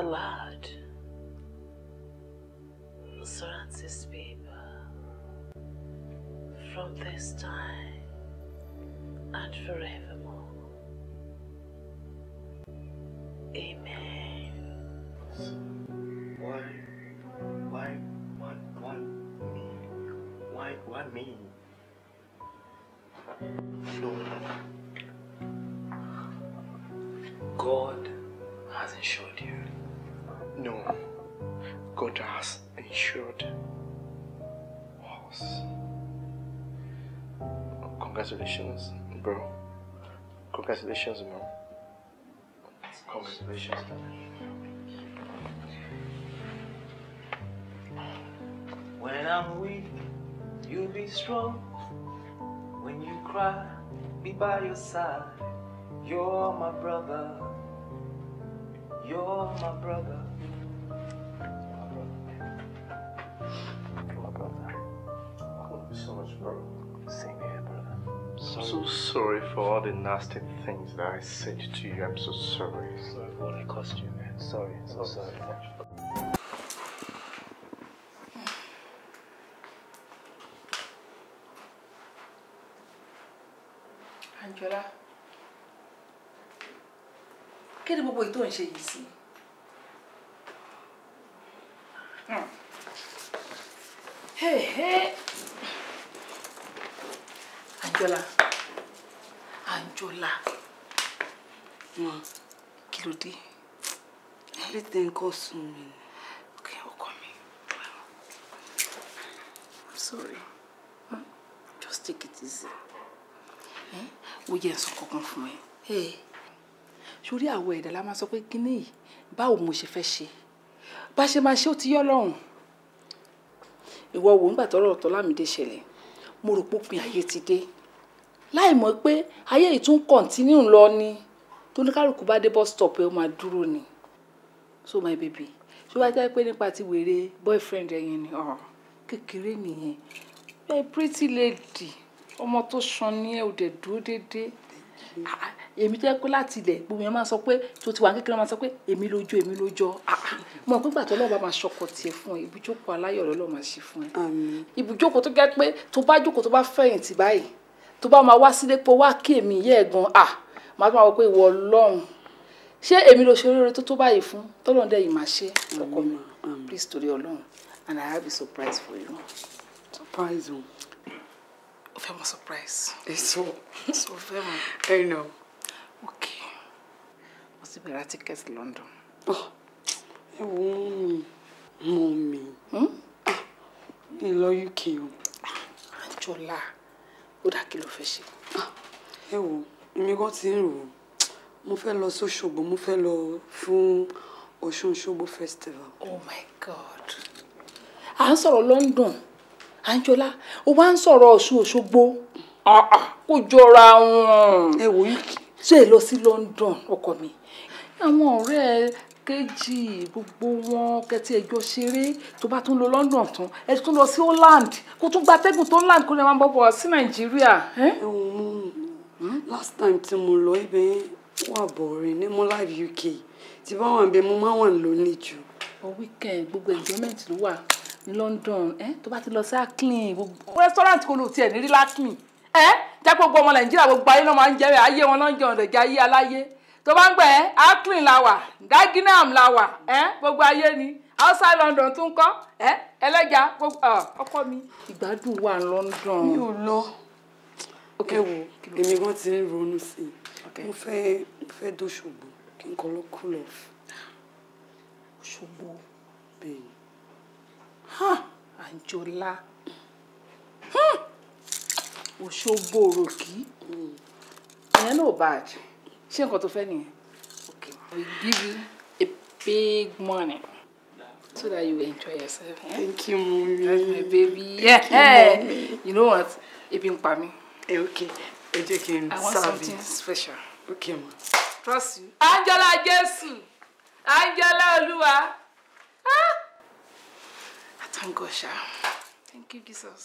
the Lord will surround his people from this time and forevermore. Amen. Congratulations, bro. Congratulations, mom. Congratulations. When I'm weak, you'll be strong. When you cry, be by your side. You're my brother. You're my brother. My brother. My brother. Thank you so much, bro. I'm so sorry for all the nasty things that I said to you. I'm so sorry. Sorry for what I cost you, man. Sorry, so oh, sorry. sorry. Anjola, kí ni gbogbo ìtò ń ṣe hmm. Hey, hey. Angela. Anjola. Ma, kí Everything kò sùn mí. Okay, ọkọ mi. I'm sorry. Just take it easy. Ó yẹ ǹsọ kankan fún ẹ. Sórí àwọ̀ ẹ̀dá la máa sọ pé kíní yìí báwo mo ṣe fẹ́ ṣe. Bá show máa ṣe ó ti yọ lọ́hùn. Ìwọ wo ń gbà tọ́rọ̀ ọ̀tọ́ Lámìdé ṣẹlẹ̀. Mo rò pópin láì mọ̀ pé ayé yìí tún kọ̀ntínú lọ ni tó ní kálukú bá dé bus stop ẹ ó máa dúró ni so my baby ṣé wàá jẹ́ pé nípa ti wèrè boyfriend ẹ yẹn ni kékeré nìyẹn ẹ pretty lady ọmọ tó san ní ẹ ò dẹ̀ dúró déédéé ah, èmi jẹ́ pé láti ilẹ̀ gbogbo yẹn máa sọ pé tó ti wà kékeré máa sọ pé èmi lójó èmi lójó ah, mọ pé gbàtọ́ lọ́wọ́ bá máa ṣọkọ tiẹ̀ fún ẹ ibùjókòó aláyọ̀ lọ́wọ́ máa ṣe fún ẹ ibùjókòó tó gẹ́ pé tó bá jókòó tó bá fẹ̀yìntì báyìí tó bá máa wá sílé pé wá kí èmi yẹ ẹ gan ah màá tó máa wọ pé ìwọ Ọlọ́run ṣé èmi ló ṣe oríire tó tó báyìí fún tọ́lọ́run dẹ̀ yìí máa ṣe ọkọ mi please torí Ọlọ́run and I have a surprise for you. surprise o. o fẹ́ mọ surprise. èso èso fẹ́ mọ. ẹ nà. ok mo ti bẹ̀rẹ̀ ticket London. Oh, ẹ wo mú hmm? ah, mi mú mi ní lọ UK o. àjọlá. Ah, ó dá kí ló fẹ́ ṣe. Ah, ẹ wo èmi gan ti ń rò ó mo fẹ́ lọ sóṣogbo mo fẹ́ lọ fún ọ̀ṣun ṣogbo festival. oh my god à ń sọ̀rọ̀ London Anjola ó wá ń sọ̀rọ̀ ọ̀ṣun òṣogbo ah, ah, kò jọra wọn. ẹ wo yìí ṣe é lọ sí London ọkọ mi àwọn ọ̀rẹ́ kejì gbogbo wọn kẹtí ẹjọ ṣeré tó bá tún lọ London tán ẹ tún lọ sí Holland kó tún gba atẹ́gùn tó Holland kó lè máa bọ̀ sí Nàìjíríà. last time tí mo lọ ibẹ̀ wà bọ̀rẹ̀ ní mo UK tí bá wà bẹ mo máa wà lónìí jù. ọ weekend gbogbo enjoyment ló wà ní London ẹ tó bá ti lọ sí Acklin gbogbo restaurant kò lò tiẹ̀ ní rí láclin jẹ́ gbogbo ọmọ Nàìjíríà gbogbo ayé náà máa ń jẹ́ ayé wọn náà jẹun rẹ̀ ayé aláyé tó bá ń gbẹ ẹ Auckland la wà Dagenham la wà ẹ gbogbo ayé ni outside London tún kọ́ ẹ ẹlẹ́jà gbogbo ọkọ mi ìgbádùn wà London. mi ò lọ ẹ wo èmi gan ti ń ronú sí i mo fẹ́ fẹ́ dòṣogbo kí n kọ́ ló kú lọ. Òṣogbo bẹ́ẹ̀ àjọlá hmm! Òṣogbo òròkì hmm. ìyẹn náà bàjẹ́ ṣé nǹkan tó fẹ́ nìyẹn okay we give you a big money so that you will enjoy yourself. Eh? thank you mummy that's my baby yeah. thank you mummy you know what ebi ń pa mí. ẹ eh, okay ẹ jẹ́ kí n serve it i want something special. okay ma. trust you. angela jesu angela olúwa. Ah! i thank god sha thank you jesus.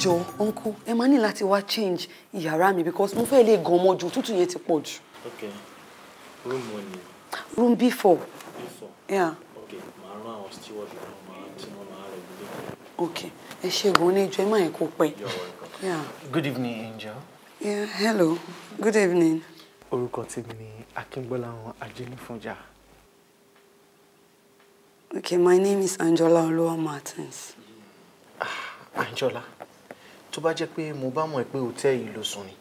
jọ uncle ẹ máa ní láti wá change ìyàrá mi because mo fẹ́ lè gan ọmọ jù tútù yẹn ti pọ̀ jù. ok room one ni. room b four. b four. yeah. ok màá rán àwọn steward náà màá tí wọ́n máa rẹ̀ gbé. ok ẹ ṣe gan ní ìjọ ẹ má yẹn kó pẹ́. good evening angel. yeah hello good evening. orúkọ tèmi ni akíngbọ́láwọn ajẹ́nifúnjà. Okay, my name is Angela Olua Martins. Ah, Angela tó bá jẹ́ pé mo bá mọ̀ pé òtẹ́ yìí ló sùn ni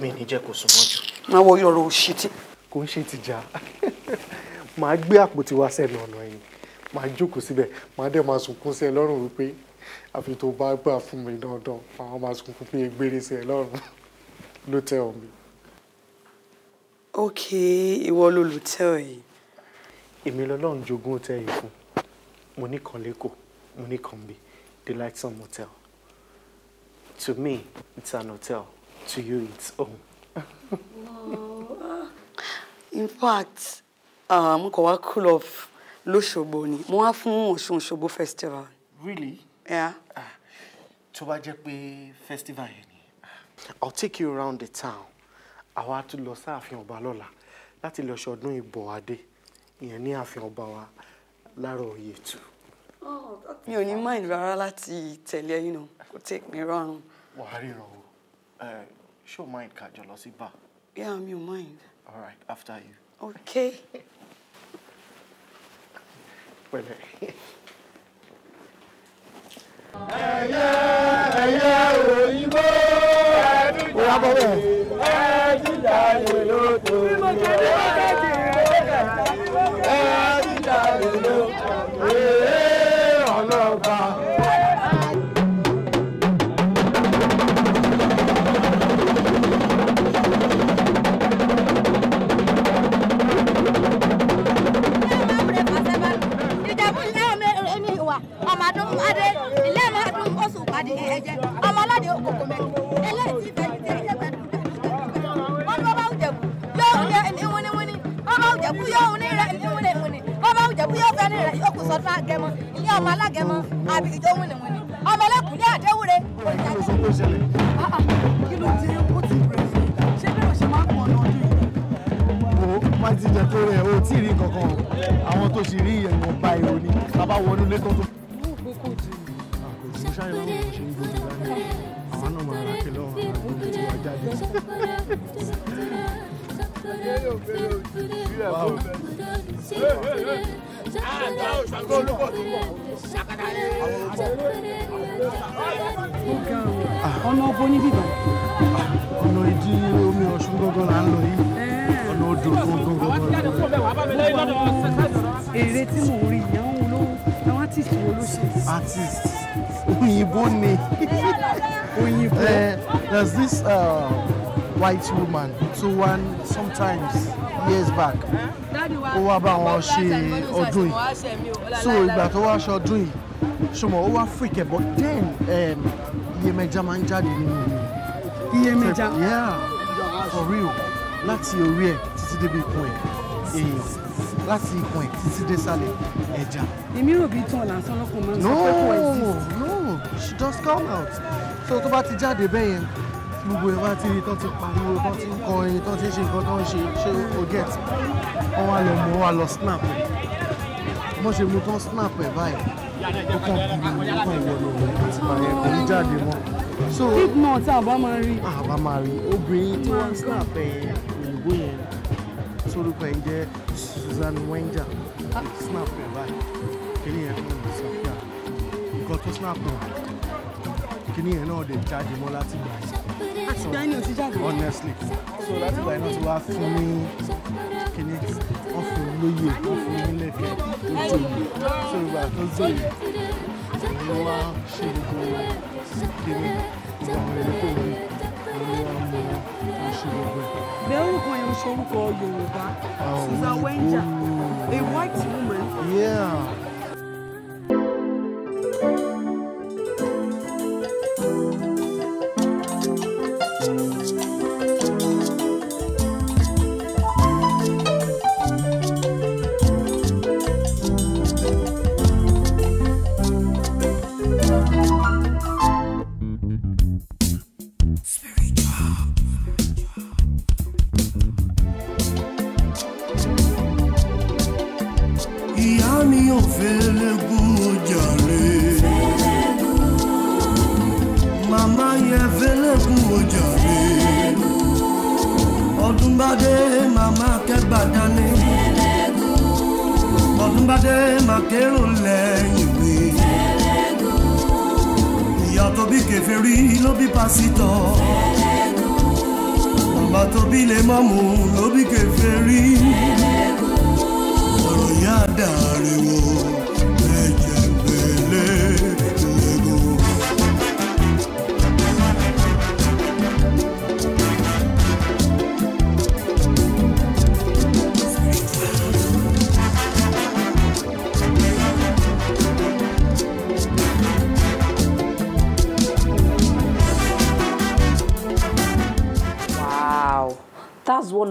mi ní jẹ́ kó sùn mọ́jú. máa wọ yọrọ òṣì tí. kò ń ṣe tìjà màá gbé àpótí wá sẹ́nu ọ̀nà yìí màá jókòó síbẹ̀ màá dẹ̀ máa sunkún sí ẹ lọ́rùn wípé àfi tó bá gbà fún mi dandan àwọn máa sunkún pé gbére sí ẹ lọ́rùn ló tẹ́ ọ mi. ok ìwọ ló lù tẹ́ ọ yìí. èmi lọ́lọ́run jogún òtẹ́ yìí fún mo ní kan lẹ́kọ̀ọ́ mo ní kan bíi the light sun motel. To me, it's an hotel. To you, it's home. In fact, um, uh, going wá cool off l'Óṣogbo ni. Mo wá fún Ọ̀ṣun festival. Really? Yeah. Ah, tó bá jẹ́ festival ah, I'll take you around the town. Àwa tún lọ sáàfin ọba lọ́la láti lọ ṣọdún ìbọ̀ adé. Ìyẹn ní ààfin ọba wa láàárọ̀ Oyètú. Oh, mi ò ní mind rárá láti tell you, you know, take me around wàá ríran o Show mind kájọ lọ sí bar. yeah i'm your mind. all right after you. okay. Wait ẹyẹ ẹyẹ òyìnbó ẹdún jáde ẹdún jáde lóto sọdún agẹmọ ilé ọmọ alágẹmọ àbí ìjọ wìnìwìnì ọmọ ẹlẹ́kùn ní àdéwúre. kí ló ti kó ti bẹ̀rẹ̀ sí ṣé bí o ṣe máa ń pọ̀ náà dé. wo má ti jẹ tó rẹ o tí ì rí kankan àwọn tó sì rí ẹ̀wọ̀n ba èrò ni bàbá wọnú ilé tó tó. àwọn náà máa ra kí lọ́wọ́ àwọn tó ti wá jáde ọ̀nà ọ̀bọ níbí kan. ọ̀nà ìdí omi ọ̀ṣun gangan là ń lọ yìí ọ̀nà odò gangan gangan. èrè tí mò ń rí ìyá òun ló àwọn artist wo ló ṣe. artist òyìnbó ni òyìnbó. there's this. Uh, white woman tó one sometimes years back ó wá bá wọn ṣe ọdún yìí so ìgbà tó wá ṣe ọdún yìí ṣùgbọ́n ó wá freak ẹ̀ but then um, iyemẹja máa ń jáde nínú mi. iyemẹja yeah for real láti orí ẹ̀ títí débi ikùn ẹ̀ èèyàn láti ikùn ẹ̀ títí désàlẹ̀ ẹja. èmi rò bí tán lásán lọ́kùnrin máa ń sọ pé kò exist. no no she just come out so tó bá ti jáde bẹ́ẹ̀ yẹn gbogbo ẹ̀ bá ti rí tán ti pariwo tán ti ń kọrin tán ti ń ṣe nǹkan tán ń ṣe ṣé o get wọ́n wá lọ mọ́ wá lọ snap ẹ̀ wọ́n ṣe mú tán snap ẹ̀ báyìí ó kàn bí mi ó kàn ìwọ lòun àti bàyẹ̀ kò ní jáde mọ́. so big man tá máa rí. a máa rí obìnrin tí wọ́n oh snap ẹ̀ òyìnbó yẹn sórúkọ ẹ̀ jẹ́ Susan Wenger ah. snap ẹ̀ báyìí kí ni ẹ̀ fún mi sọ nǹkan tó snap ẹ̀ kíní yẹn náà lè jáde mọ́ láti gbà yẹn. àti gbà yẹn ti jáde. honestly so láti gbà yẹn náà ti wá fún mi kíní wọ́n fún mi lóye wọ́n fún mi tó jòyè so ìgbà tó jòyè ni wá ṣe gbogbo kíní ìgbà àwọn ẹlẹ́kọ̀ọ́ mi ni wọ́n mú wọn ṣe gbogbo ẹ̀. bẹ́ẹ̀ yẹn ń orúkọ Yorùbá Susan Wenger a white woman. Yeah.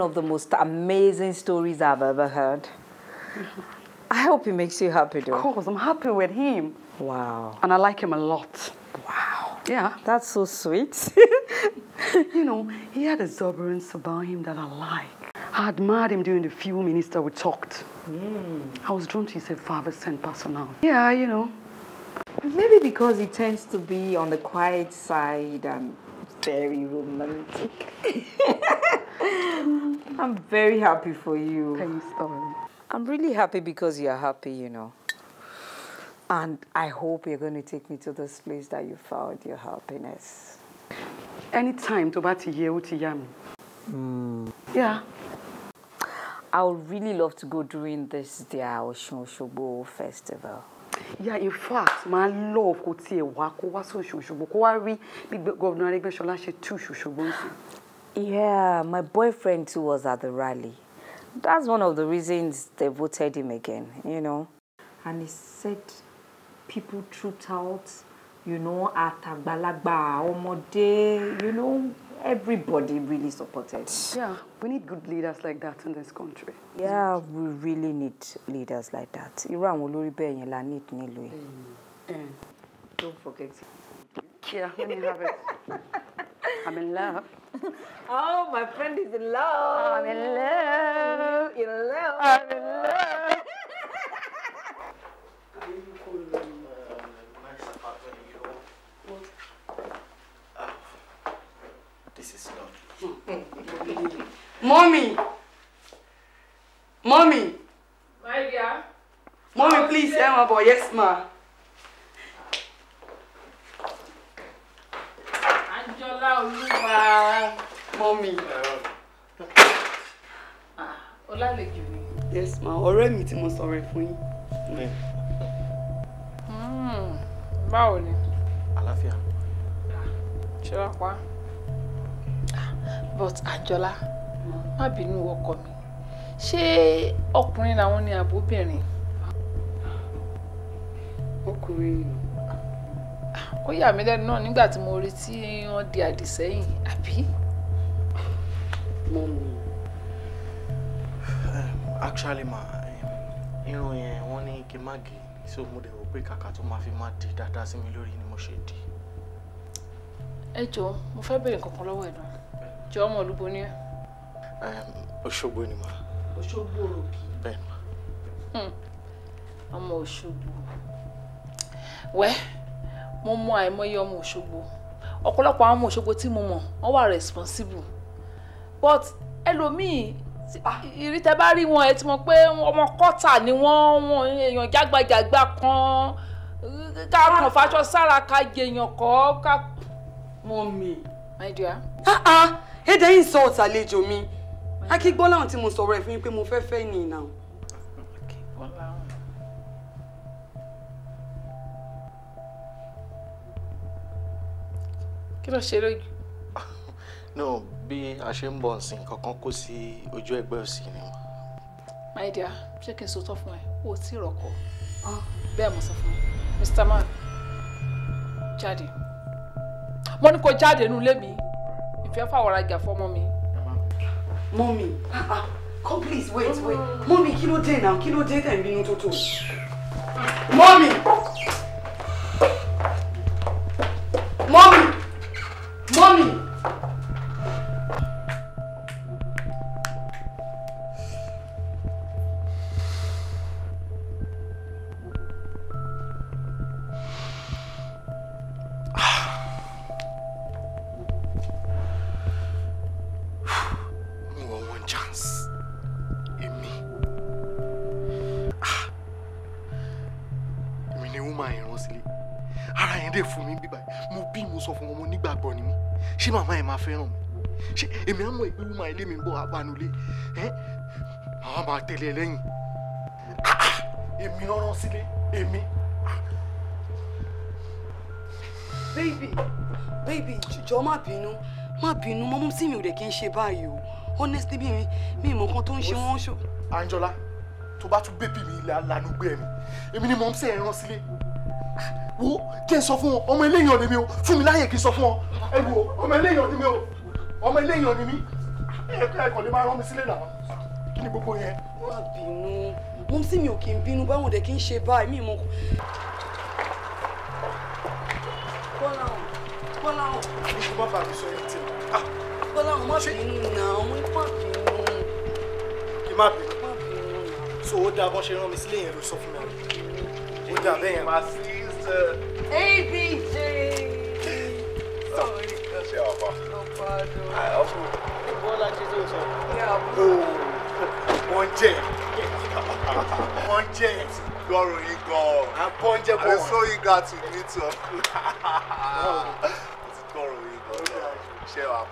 one of the most amazing stories I've ever heard. I hope it makes you happy, though. Of course, I'm happy with him. Wow. And I like him a lot. Wow. Yeah. That's so sweet. you know, he had a exuberance about him that I like. I admired him during the few minutes that we talked. Mm. I was drawn to his effervescent personality. Yeah, you know. Maybe because he tends to be on the quiet side and very romantic. I'm very happy for you. Can you stop me? I'm really happy because you're happy, you know. And I hope you're going to take me to this place that you found your happiness. Anytime to bat ye utiyami. Mm. Yeah. I would really love to go during this Dia Oshun Oshogbo festival. yeah in fact máa ń lọ kó tiẹ̀ wá kó wá sí Òṣogbo kó wá rí bí gọ́vnà Arẹ́gbẹ́ṣọlá ṣe tú Òṣogbo ń sìn. yeah my boyfriend too was at the rally that's one of the reasons they voted him again you know. and he said people throughout you know àtàgbàlagbà ọmọdé you know Everybody really supported. Yeah, we need good leaders like that in this country. Yeah, we really need leaders like that. Iran will olórí bẹ́ẹ̀ yẹn la need nílùú yìí. Mm. Mm. Don't forget. Yeah, let me have it. I'm in love. Oh, my friend is in love. I'm in love. In love. I'm in love. Mommy. Mommy. My dear. Mommy, please, tell my boy. Yes, ma. Anjola Oluwa. Mommy. Ah, Olalejo mi. Yes, ma. already meeting my mo sọ̀rọ̀ fún yín. Hmm, báwo ni? Àlàáfíà. Ah, ṣé wàá pa? but Anjola má bínú ọkọ mi ṣé ọkùnrin làwọn ni àbóbìnrin. ọkùnrin ó yà mí lẹ́nu náà nígbà tí mo rí tí wọ́n di àdìsẹ́yìn àbí. mo mú actually ma irun yẹn wọ́n ní kí n má gé so mo dẹ̀ rò pé kàkà tó máa fi máa di dáadáa sí mi lórí ni mo ṣe dì. ẹ jọ̀ọ́ mo fẹ́ béèrè nǹkan kan lọ́wọ́ ẹ̀ náà jọ ọmọ olúbo ni. Òṣogbo ni mà. Òṣogbo òkè. bẹ́ẹ̀ ni mà. Hmm. ọmọ Òṣogbo wẹ́ mo mọ àìmọye ọmọ Òṣogbo ọ̀pọ̀lọpọ̀ àwọn ọmọ Òṣogbo tí mo mọ̀ wọ́n wà responsible but ẹlòmíì ah, ìrí tẹ bá rí wọn ẹ ti mọ̀ pé ọmọ kọ́tà ni wọ́n wọn èèyàn jágbajàgba kan ká kàn fàṣọ sára ká jèèyàn kọ́ ká. mọ mi. my dear. Uh uh ẹ̀dẹ̀ yìí sọ ọ̀tà àlejò mi akígbọ́n láwọn tí mo sọ̀rọ̀ ẹ̀ fún yín pé mo fẹ́ fẹ́ nìyí náà. kí ló ṣe lójú. no bí a ṣe ń bọ̀ ǹsìn kankan kó sí ojú ẹgbẹ́ òsì ni wọn. my dear ṣé kí n sòótọ́ fún ẹ o tí rọ̀kọ̀ ah. bẹ́ẹ̀ mo sọ fún mr man jáde mo ní kó jáde nínú ilé mi. You have ìfẹ́ fàwọn rajà fọmọ mi. mọ́mí come please wait wait Mommy, kí ló dé náà kí ló dé tẹ̀ ń bínú tó Mommy, mọ́mí mọ́mí pé wúmọ̀ ilé mi ń bọ̀ abánú lé màá máa tẹ̀lé ẹ èmi rán sílé èmi. baby baby jọ má bínú má bínú mọ́mú sí mi ò dẹ̀ kí n ṣe báyìí o honestly bí mi mi ìmọ̀ kan tó ń ṣe wọ́n ṣò. Anjola tó bá tún bébì mi ilẹ̀ alánúgbé mi èmi ni mọ́mú sí rán sílé wo kí n sọ fún ọ ọmọ eléyàn ni mi o fún mi láyè kí n sọ fún ọ ẹ wo ọmọ eléyàn ni mi o ọmọ eléyàn ni mi ẹ̀kọ́ ẹ̀kọ́ ló máa rán mi sílé náà kí ni gbogbo yẹn. má bínú mo sì mi ò kí n bínú báwọn dẹ̀ kí n ṣe báyìí mi mọ. kọ́lá ọ̀hún kọ́lá ọ̀hún. kí ló bá bá mi sọ ẹ̀ tì í. kọ́lá ah! ọ̀hún má bínú náà mo má bínú. kí má bínú. má bínú náà. so ó dáa bọ́n ṣe rán mi sílé yẹn ló sọ fún mi. ó dáa bẹ́ẹ̀ yẹn. my sister. abj. sorry. ṣé ọ̀pá. ọ̀pá dùn. Bọ́lá ṣe ṣe sọ. wọ́n jẹ́ wọ́n jẹ́ gbọ́rọ̀ yìí gan-an. àpọ́njẹ́ bọ̀ wọ́n. àìsó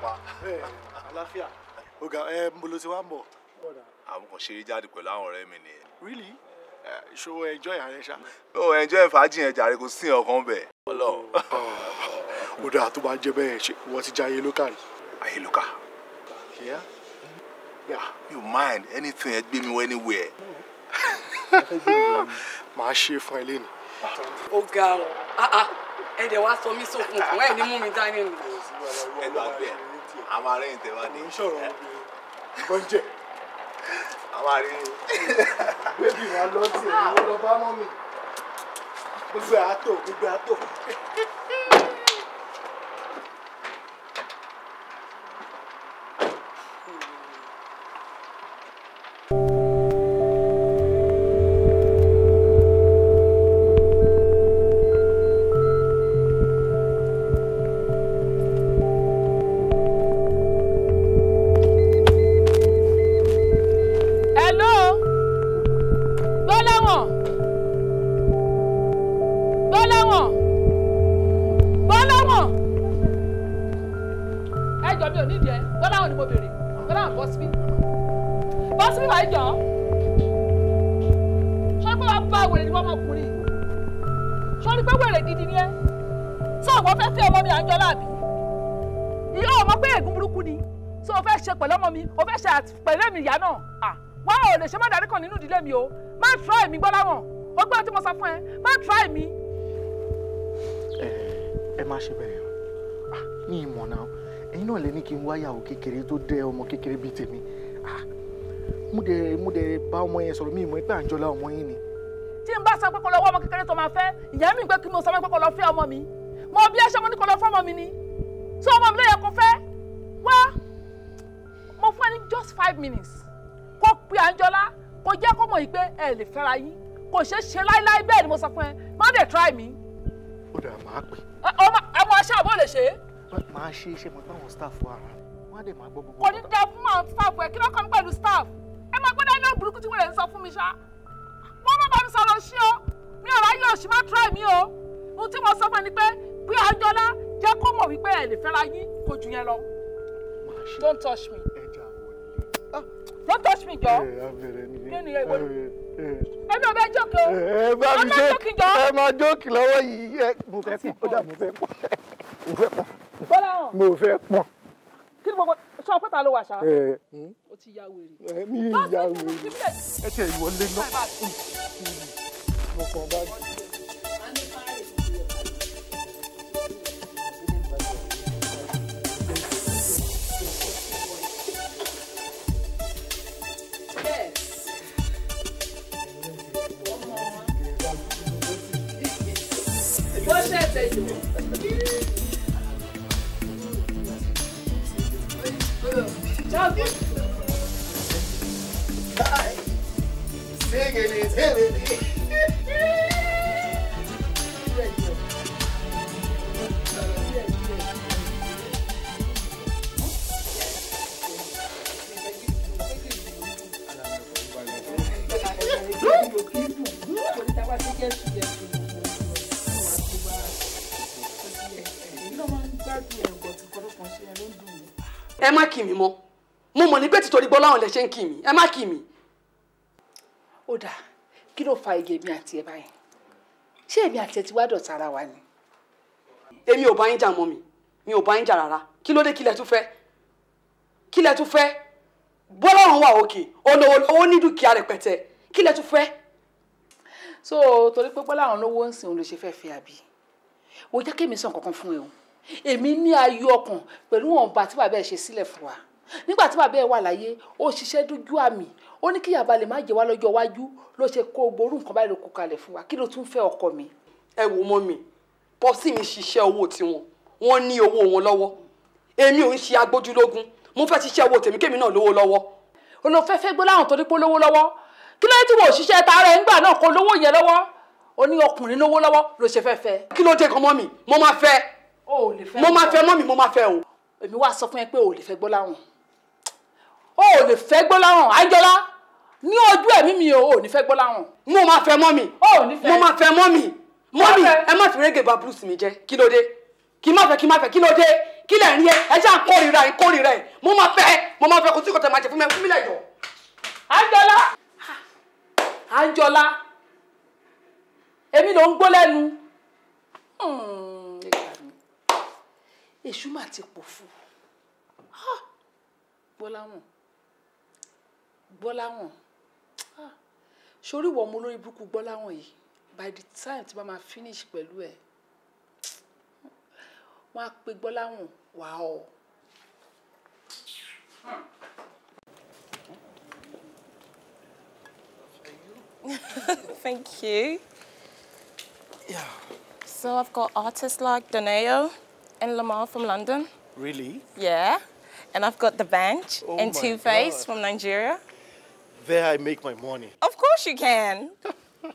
pa. àlàáfíà. ọ̀gá ẹ ń bolo tí wàá ń bọ̀. àwọn kan ṣeré jáde pẹ̀lú àwọn ọ̀rẹ́ mi nìyẹn. really? ṣo ẹjọ́ ìyá rẹ ṣá. ó enjoy ìfàájì yẹn jàre kò sí ọkàn bẹ̀. ó dáa tó bá jẹ bẹ́ẹ̀ ṣe wọ́n ti jẹ́ ayélujára. ayélujára Yeah? Yeah. You mind anything that be me anywhere? My ṣe fún ẹ oh, Ó ga ọ́, ah, ah. ẹ̀dẹ̀ wá sọ mí sókun fún ẹ̀ ní mú mi dání ni. Ẹ lọ àgbẹ̀, a máa rẹ́yìn tẹ̀ wá ní. Ìṣòro ọ̀gbọ̀n jẹ̀. A máa rí i. love you. lọ sí ẹ̀yìn wọ́n lọ bá mọ́ mi. Gbogbo mi o má try èmi gbọ́ láwọn o gbọ́ tí mo sọ fún ẹ má try èmi. ẹ ẹ má ṣe bẹ́ẹ̀ o ní ah, ìmọ̀ náà ẹ̀yin náà lè ní kí n wáyàwó kékeré tó dé ọmọ kékeré bíi tèmi ah, mo dẹ̀ mo dẹ̀ bá ọmọ yẹn sọ̀rọ̀ mi ìmọ̀ pé àǹjọ́lá ọmọ yín ni. tí n bá sọ pé kó lọ wọ ọmọ kékeré tó máa fẹ́ ìyá mi gbé kí mo sọ pé kó lọ fẹ́ ọmọ mi mo bí ẹṣẹ mo ní kó lọ fọmọ mi ni tí ọmọ mi ló yẹ kó fẹ́ wá mo fún ẹ ní just five minutes kó pe àǹjọ́lá kò jẹ́ kó mọ̀ yìí pé ẹ lè fẹ́ra yín kò ṣeé ṣe láíláí bẹ́ẹ̀ ni mo sọ fún ẹ má dé try mi. ó dà máa pè. ọmọ aṣọ àbọ̀ lè ṣe. máa ṣe iṣẹ́ mọ̀ báwọn staff wa ara wọn á dẹ̀ máa gbọ́ gbogbo. kò ní dá fún àwọn staff ẹ kí ló kọ́ mi pẹ̀lú staff ẹ máa gbọ́dọ̀ ilé burúkú tí wọ́n lè ń sọ fún mi ṣá. wọ́n má bá mi sọ̀rọ̀ sí o mi ò ráyè òṣì má try mi o ohun tí mo sọ fún ẹ ni pé bí ọjọ́lá jẹ́ kó mọ̀ wípé ẹ lè fẹ́ra yín kò jù yẹn lọ. don't touch me don't touch me jọ. Eh, kí ni ìwọ ẹbí ọbẹ jókè o ọmọ jókè jọ. ẹ máa jókè eh, eh, lọ́wọ́ yìí ẹ mo fẹ́ pọ̀ kódà mo fẹ́ pọ̀ mo fẹ́ pọ̀ mo fẹ́ pọ̀. kí ni mo sọ pé ta ló wà ṣá. o ti ya wèrè. mi ì ya wèrè ẹ tẹ ìwọlé náà mo kàn bá jù. Tchau, ẹ má kì mí mọ́ mo mọ̀ ní pé títorí gbọ́ láwọn lè ṣe ń kì mí ẹ má kì mí. ó dà kí ló fa igi èmi àti ẹ báyìí ṣé èmi àti ẹ ti wá dọ̀tá ara wa ni. èmi ò bá yín jà mọ́ mi mi ò bá yín jà rárá kí ló dé kí lẹ tún fẹ́ kí lẹ tún fẹ́ bọ́lọ́run wà òkè olówó owó ní dúkìá rẹpẹtẹ kí lẹ tún fẹ́. so torí pé bọ́lá àwọn olówó ń sìn òun ló ṣe fẹ́ fi àbí wo jẹ́ kémi sàn kankan fún ẹ o èmi ní ayọ̀ ọkàn pẹ̀lú wọn bá tí bàbá ẹ̀ ṣe sílẹ̀ fún wa nígbà tí bàbá ẹ̀ wà láyé ó ṣiṣẹ́ dójú àmì ó ní kí yàrá lè má jẹ wá lọ́jọ́ iwájú ló ṣe kó gbórú nǹkan báyìí ló kó kalẹ̀ fún wa kí ló tún fẹ́ ọkọ mi. ẹ wo mọ mi pọ́sì mi ṣiṣẹ́ owó tiwọn wọ́n ní owó wọn lọ́wọ́ èmi ò ń ṣe agbójúlógún mo fẹ́ ṣiṣẹ́ owó tèmi kémi náà lówó lọ́wọ́. olùfẹ́fẹ́ gbọ́ láwọn tó ní pé lówó lọ́wọ́ kí ló ti wò òṣìṣẹ́ tààrẹ ńgbà náà kó lówó yẹn lọ́wọ́ ó ní ọkùnrin lówó lọ́wọ́ ló ṣe fẹ́ fẹ́. kí ló dé gan mọ́ mi mo máa fẹ́ o ò lè fẹ́. mo máa fẹ́ mọ́mì mo máa fẹ́ o. èmi wá sọ fún ẹ pé o ò lè fẹ́ gbọ́ láwọn o ò lè fẹ́ gbọ́ láwọn àjọlá ní ojú ẹ̀mí mi o ò ní fẹ́ gbọ́ láwọn. mo máa fẹ́ mọ́mì mo máa fẹ́ mọ́mì mọ́mì ẹ má fi rẹ́gẹ̀ bà bruce mi jẹ́ kí ló dé kí má fẹ́ kí má fẹ́ kí ló dé kí lẹ̀ ń yẹ ẹ ṣáà ń kórìíra ẹ kórìíra ẹ mo máa fẹ́ mo máa fẹ́ kó tí kò tẹ̀ máa jẹ fún mi fún mi lẹ̀ yọ. àjọlá àjọlá èmi ló ń gbọ́ lẹ́nu. Hmm èṣù mà ti pò fún un gbọ́láwọ̀n gbọ́láwọ̀n sórí ìwọ ọmọ olórí burúkú gbọ́láwọ̀n yìí by the time tí bá máa finish pẹ̀lú ẹ̀ wọ́n á pe gbọ́láwọ̀n wà ọ́. Thank you. Yeah. So I've got artists like Donayo. and Lamar from London. Really? Yeah. And I've got The Bench oh and Two Face from Nigeria. There I make my money. Of course you can.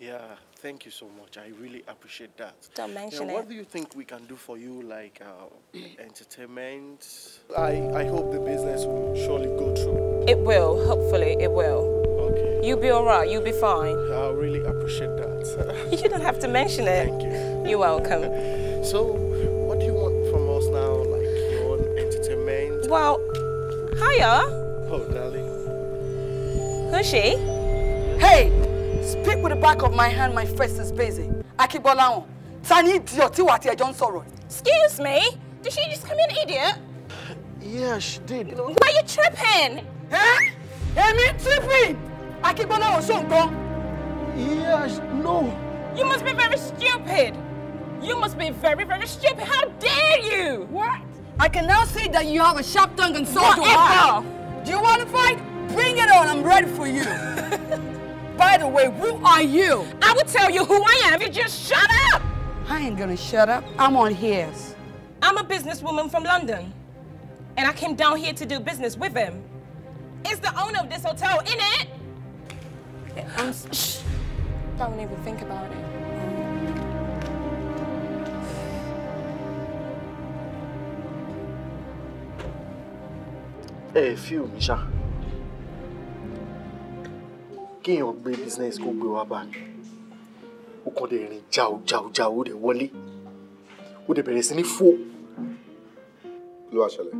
yeah, thank you so much. I really appreciate that. Don't mention now, what it. What do you think we can do for you, like uh, entertainment? I, I hope the business will surely go through. It will, hopefully it will. Okay. You'll be all right, you'll be fine. I really appreciate that. you don't have to mention it. Thank you. You're welcome. so, Well, hiya. Oh, darling. Who's she? Hey! Speak with the back of my hand, my face is busy. Akibolaon, tani idiot wà tí ẹjọ́ ń sọ̀rọ̀. Excuse me? Did she just come in, idiot? Yeah, she did. Why are you tripping? Hey, me tripping? Akibolaon ṣó nǹkan? Yeah, no. You must be very stupid. You must be very, very stupid. How dare you? What? I can now see that you have a sharp tongue and so Not do I. Do you want to fight? Bring it on, I'm ready for you. By the way, who are you? I will tell you who I am if you just shut up! I ain't gonna shut up. I'm on his. I'm a businesswoman from London. And I came down here to do business with him. It's the owner of this hotel, isn't it? I'm... Shh. Don't even think about it. ẹ fi omi ṣá kéèyàn gbé business kó gbé wá bá mi ó kàn dé rìn jàù jàù jàù ó dé wọlé ó dé bẹ̀rẹ̀ sí ní fò. ló wàá ṣẹlẹ̀.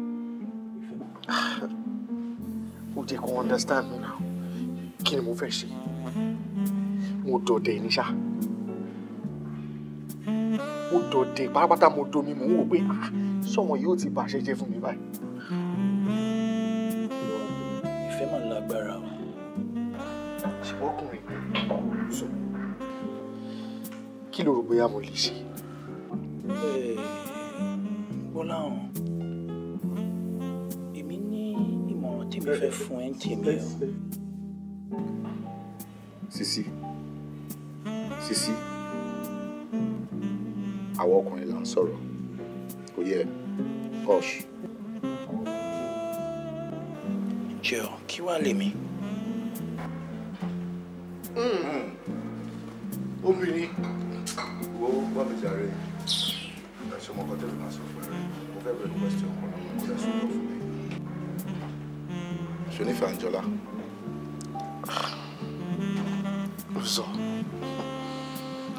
ó jẹ́ kó understand me now kí ni mo fẹ́ ṣe mo dọ̀dẹ̀ ní ṣá mo dọ̀dẹ̀ pátápátá mo domi mo ń wò pé sọ̀wọ́n ah, yóò ti bàṣẹ́ jẹ́ fún mi báyìí ìfẹ́ mà lágbára o. ṣùgbọ́kùnrin sọ kí ló rò bóyá mo lè ṣe. bọ́lá ọ̀hún èmi ní ìmọ̀ràn tèmi fẹ́ fún ẹ ń tèmi o. Sisi Sisi àwọn ọkùnrin là ń sọ̀rọ̀ kò yẹ hush. girl kí wàá lè mí. obìnrin wo wá mi jàre ẹ̀ṣọ́ mọ́kàn tẹ́lẹ̀ máa sọ fún ẹ mo fẹ́ bẹ̀rẹ̀ question kan náà mo dẹ̀ sọ̀rọ̀ fún mi. ṣonífà Anjọ́lá. ó sọ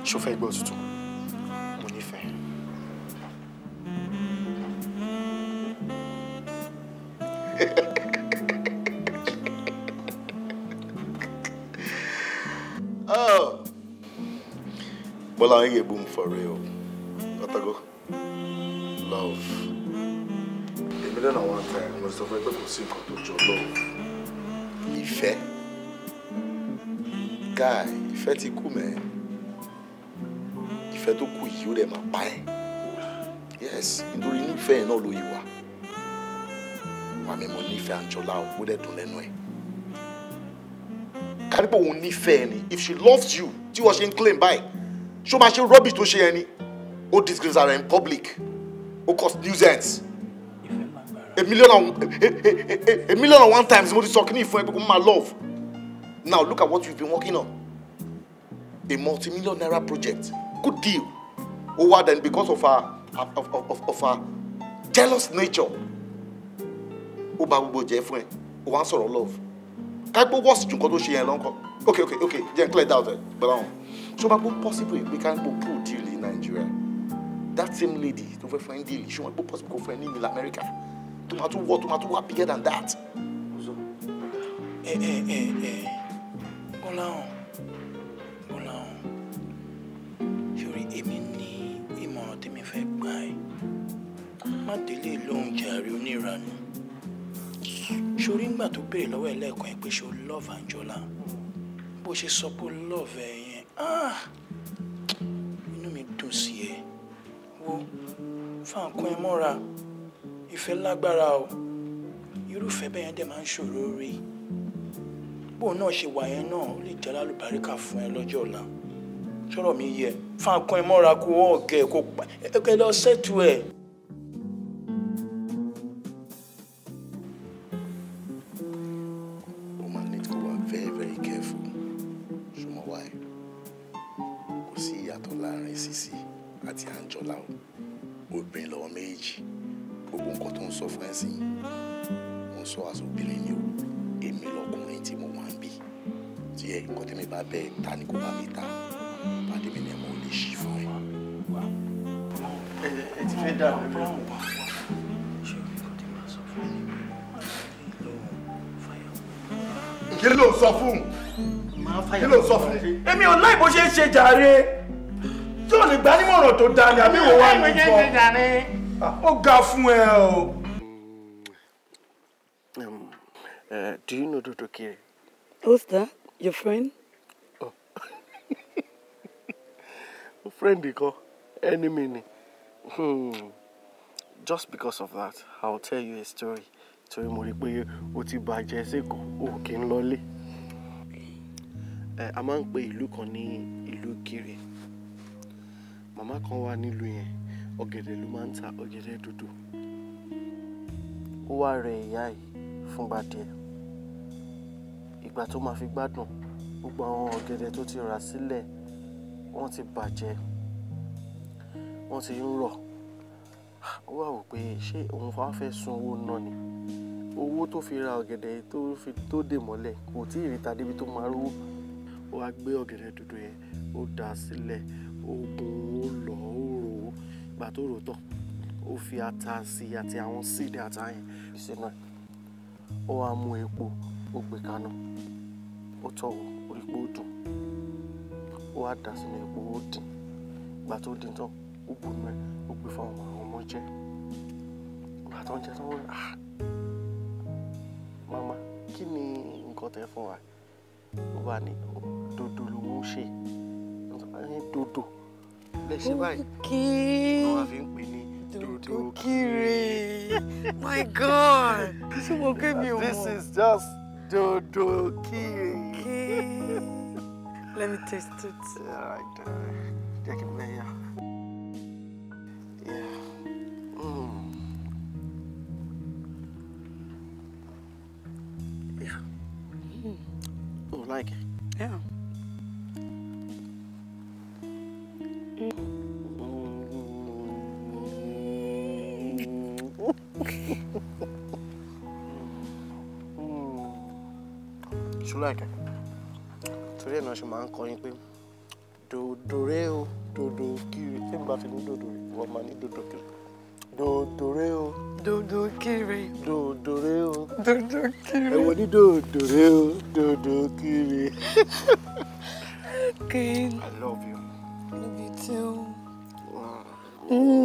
ṣó fẹ́ gbọ́ tuntun. Bola ain't get boom for real. Gotta go. Love. Èmi lẹ́nu àwọn àti àwọn ọmọ ìsọfún ẹgbẹ́ kò sí nǹkan tó jọ lọ́wọ́. Guy, ìfẹ́ ti kú mẹ́. Ìfẹ́ tó kú yìí ó dẹ̀ máa Yes, nítorí inú ìfẹ́ yẹn náà ló wa. Wàmí mo nífẹ̀ẹ́ Anjọ́lá o, ó dẹ̀ dùn lẹ́nu ẹ̀ kárí pé ni if she loves you tí wọ́n ṣe ń claim báyìí ṣó máa ṣe rubbish tó ṣe yẹn ni ó disgrace ara in public ó cause nuisance a million and a, a, a, a million and one times mo ti sọ kíní ìfún ẹ pé kò máa love now look at what you've been working on a multi-million naira project good deal ó wá then because of her of of of her jealous nature ó bà gbogbo jẹ́ fún ẹ ó wá ń sọ̀rọ̀ love ká wọ́ọ̀sì ju nǹkan tó ṣe yẹn lọ́nkọ́ okay okay okay jẹ́ n clear that out ẹ̀ gbọ́dọ̀ àwọn. So, máa gbó possible can go gbogbo deal in Nigeria that same lady to fẹ́ fún ẹ deal ṣó máa gbó possible kó fún ẹ ní America To máa tún wọ tó máa tún wà bigger than that. ẹ ẹ ẹ ẹ ọlọ́run ọlọ́run ṣòrí èmi ní ìmọ̀ràn tèmi fẹ́ gbà ẹ́ má délé lóhùn jàre oníranú ṣòrí ńgbà tó béèrè lọ́wọ́ ẹ lẹ́ẹ̀kan ẹ pé ṣó love Anjola bó ṣe sọ love ẹ inú mi dùn sí ẹ wo fáǹkún ẹ mọ́ra ìfẹ́ lágbára o irúfẹ́ bẹ́ẹ̀ yẹn dẹ̀ máa ń ṣòro rí bóun náà ṣe wà yẹn náà ó lè jẹ́ lálùbáríkà fún ẹ lọ́jọ́ ọ̀la sọ̀rọ̀ mi yẹ fáǹkún ẹ mọ́ra kó ọ̀gẹ̀ kó pa ẹ kẹ́ lọ sẹ́tù ẹ̀. abẹ́ ìta ni kò bá mi ta pàdé mi ni mo lè ṣí fún ẹ. ẹ ti fẹ́ dà mí lọ́wọ́. kí ló sọ fún kí ló sọ fún. èmi ò láì bó ṣe ń ṣe jàre tí ò lè gbà nímọ̀ràn tó dáa ni àbí ìwọ wà ní ìfọ ó ga fún ẹ o. uh, do you know Dr. Kiri? Who's that? Your friend? friend kan enemy ni hmm. just because of that i will tell you a story torí mo rí i pé o ti bàjẹ́ sẹ́kọ̀ọ́ o kì í lọlé eh, a máa ń pe ìlú kan ní ìlú kiri màmá kan wà nílùú yẹn ọ̀gẹ̀dẹ̀ ló máa ń ta ọ̀gẹ̀dẹ̀ dúdú ó wá rẹ ìyá yìí fúngbà díẹ̀ ìgbà tó máa fi gbádùn gbogbo àwọn ọ̀gẹ̀dẹ̀ tó ti rà sílẹ̀ wọ́n ti bàjẹ́ wọ́n ti ń rọ̀ ó wà wò pé ṣé òun fa fẹ́ sun owó náà ni owó tó fi ra ọ̀gẹ̀dẹ̀ tó fi tó dè mọ́lẹ̀ kò tí ì rí ta débi tó máa rówó ó wá gbé ọ̀gẹ̀dẹ̀ dúdú yẹn ó dà á sílẹ̀ ó gun ó lọ̀ ó rò ó ìgbà tó rò tán ó fi ata sí àti àwọn síìdì ata yẹn sínú ẹ̀ ó wá mú epo ó gbé kaná ó tọ̀wọ̀ ó pé ó dùn ó wá dà sínú epo ó dín ìgbà tó dín tán ó bùnú ẹ ó gbé fáwọn àwọn ọmọ jẹ ìgbà tó ń jẹ tán ó rẹ ah, mama kí ni nǹkan tẹ fún wa ó wà ní dodo ló ń ṣe ní dodo lè ṣe báyìí ló fi ń pè ní dodo kiri my god this is just dodo kiri. Let me taste it. Alright. Take uh, it there, yeah. Yeah. Mm. Yeah. Mm. Oh, like it. Yeah. ti ní dòdò rè wọ́n máa ní dòdò kiri dòdò rè o. dòdò kiri. dòdò rè o. dòdò kiri. ẹ̀wọ̀ ní dòdò rè o dòdò kiri. Kane. I love you. Love you too. Wow. Mm.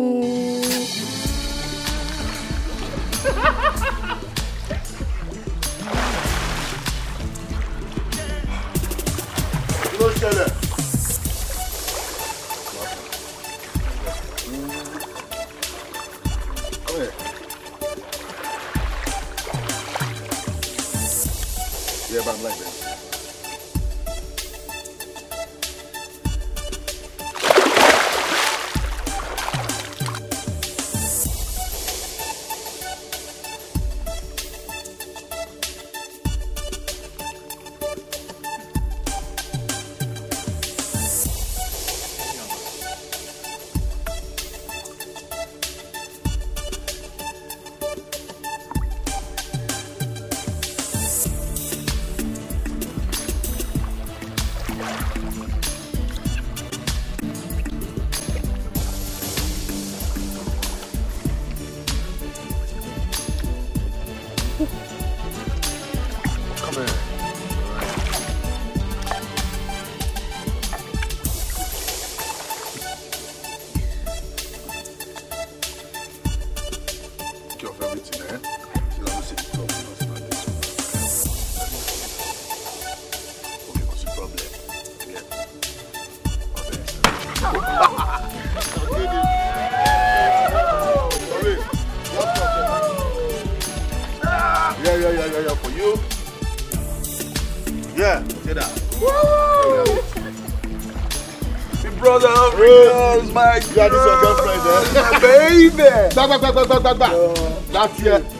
brother of oh, yours, my girl. You are your girlfriend, eh? My baby. Back, back, back, back, back, back, back. Uh, That's it.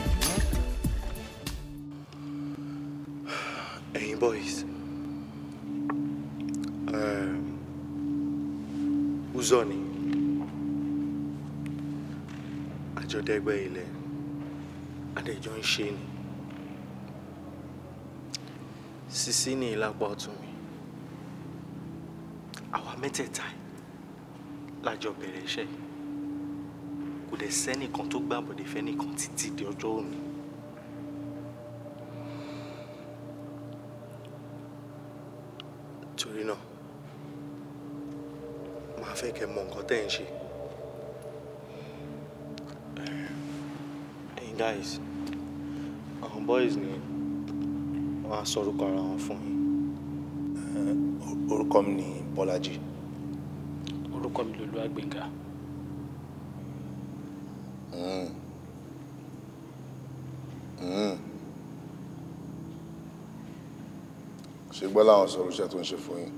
Hey, boys. Um, Uzoni. Ajodegbe ilẹ̀. Adéjọ́ ń ṣe ni. Sisi ni ìlápá ọ̀tún mi àwa mẹ́tẹ̀ẹ̀ta lájọ bẹ̀rẹ̀ iṣẹ́ kò dẹ̀ sẹ́nìkan tó gbàbọ̀dẹ̀ fẹ́nìkan títí di ọjọ́ òní. torí náà màá fẹ́ kẹ́ mọ nǹkan tẹ́ ń ṣe. ẹ̀yin guys àwọn boys ni wọ́n á sọ orúkọ ara wọn fún yín. orúkọ mi nìyí. Bọ́lájí. orúkọ mi lolú àgbẹ̀ngà. Mm. Mm. ṣe gbọ́ láwọn sọ̀rọ̀ iṣẹ́ tó ń ṣe fún yín.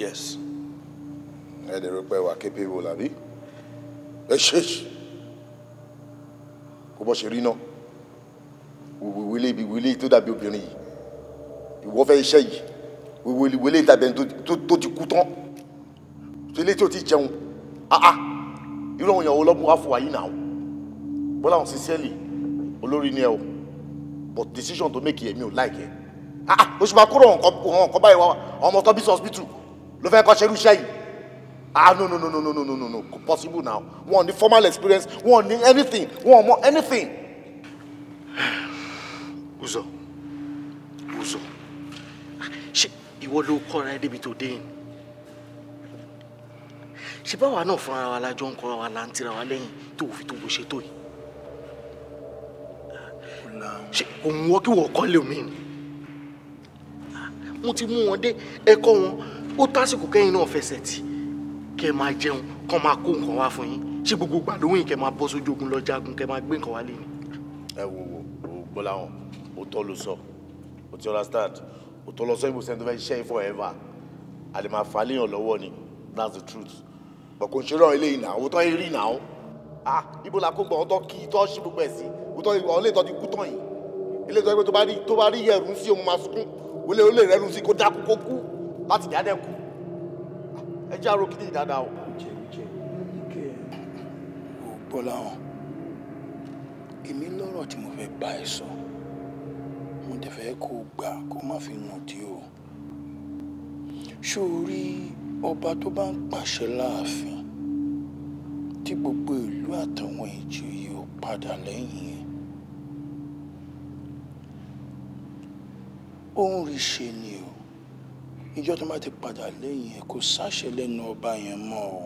yes. ẹ dẹ̀ rò pé wà capable làbí. ẹ ṣe kó bọ́ ṣe rí náà wíwílé ibi wíwílé tó dàbí obìnrin yìí ìwọ fẹ́ iṣẹ́ yìí wele wele tàbí tó ti kú tán to ilé tí o ti jẹun aa ah, ah. irú àwọn èèyàn ọlọ́mú àfọwà yìí náà bọ́lá àwọn sincerely olórí ni ẹ o but decision to make yẹn mi ò like ẹ aa ah, oṣù máa kúrò àwọn nǹkan báyìí wá ọmọ tó bí sọ hospital ló fẹ́ kọ́ ṣerú iṣẹ́ yìí ah no no no no no no no no no possible now wọn ní formal experience wọn ní anything wọn mọ anything. Uzo Uzo ṣe ìwọ ló kọ́ra ẹ débi tó dé yìí ṣe báwa náà fúnra wa lájọ ń kọ́ra wa là ń tira wa lẹ́yìn tó fi tó bó ṣe tó yìí ṣe òun wọ́n kí wọ́n kọ́ lè mí ni mo ti mú wọn dé ẹ̀kọ́ wọn ó tásìkò kẹ́yìn náà fẹsẹ̀ tì kẹ́ máa jẹun kọ́ máa kó nǹkan wá fún yín ṣé gbogbo gbàdúwìn kẹ́ máa bọ́ sójú ogun lọ jagun kẹ́ máa gbé nǹkan wá lé ni. ẹ wo wo gbọ́láwọn òótọ́ ló sọ òtí understand kò tó lọ sọ ìbùsẹ̀ tó fẹ́ ṣiṣẹ́ forever àlè máa fà á léèyàn ni that's the truth bọ̀kùn ṣe rán eléyìí náà òótọ́ yìí rí náà ah ibo la kó gbọ́ ọtọ́ kí tọ́ ṣe gbogbo ẹ̀ sí òótọ́ ọlẹ́ ìtọ́ ti kú tán yìí ilé ìtọ́ tó bá rí tó bá rí ẹ̀rù sí òun máa sunkún olè olè rẹ̀ rù sí kó dákú kó kú láti dáadẹ́ kú ah, ẹ jẹ́ àrò kìdí dáadáa o. Bọ́lá hàn èmi lọ́rọ̀ tí mo fẹ́ bá ẹ sọ mo dẹ̀ fẹ́ kó gbà kó má fi nù dí o ṣó o rí ọba tó bá ń pàṣẹ láàfin tí gbogbo ìlú àtàwọn ìjòyè ò padà lẹ́yìn ẹ̀ ó ń rí ṣe ni o ìjọ tó bá ti padà lẹ́yìn ẹ̀ kò sáṣẹ lẹ́nu ọba yẹn mọ́ o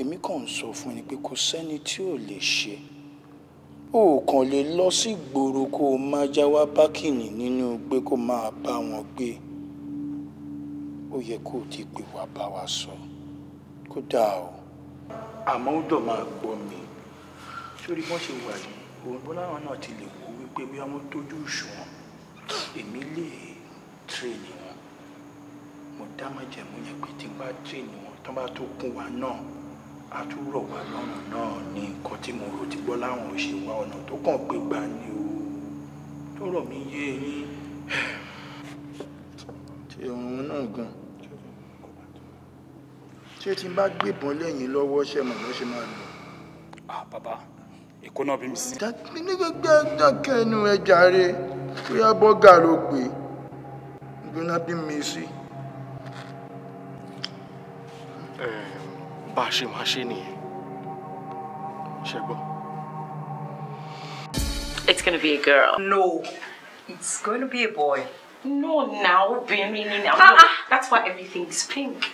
èmi kàn ń sọ fún ẹni pé kò sẹ́ni tí ò lè ṣe o kàn lè lọ sí ìgboro kó o máa jáwá bákìnì nínú pé kó máa bá wọn gbé ó yẹ kó o ti pè wá bá wa sọ kó dáa o àmọ́ ó dọ̀ máa gbọ́ mi sórí wọ́n ṣe wà yìí òun ló láwọn náà ti lè wò wípé bí wọ́n tójú òṣùwọ̀n èmi lè tírèèni wọn mo dá májẹ̀mú yẹn pé tí n bá tírèèni wọn tó bá tó kún wa náà a tún rọ̀ wá lọ́rùn náà ní nǹkan tí mo rò ti gbọ́ láwọn ò ṣe wá ọ̀nà tó kàn pé gbà ni o tó rọ̀ mí yé yín. ṣé òun náà gan ṣé tí n bá gbébọn lẹ́yìn lọ́wọ́ ṣe mọ̀ lọ́ ṣe máa lọ. ah bàbá èkó náà bí mi sí. nígbàgbà dákẹ́nu ẹ jàre bóyá bọ́gà ló pè é nígbóná bí mi sí. ẹ̀ẹ́ It's gonna be a girl. No, it's gonna be a boy. No, now, obìnrin now. Ah, ah. That's why everything is pink.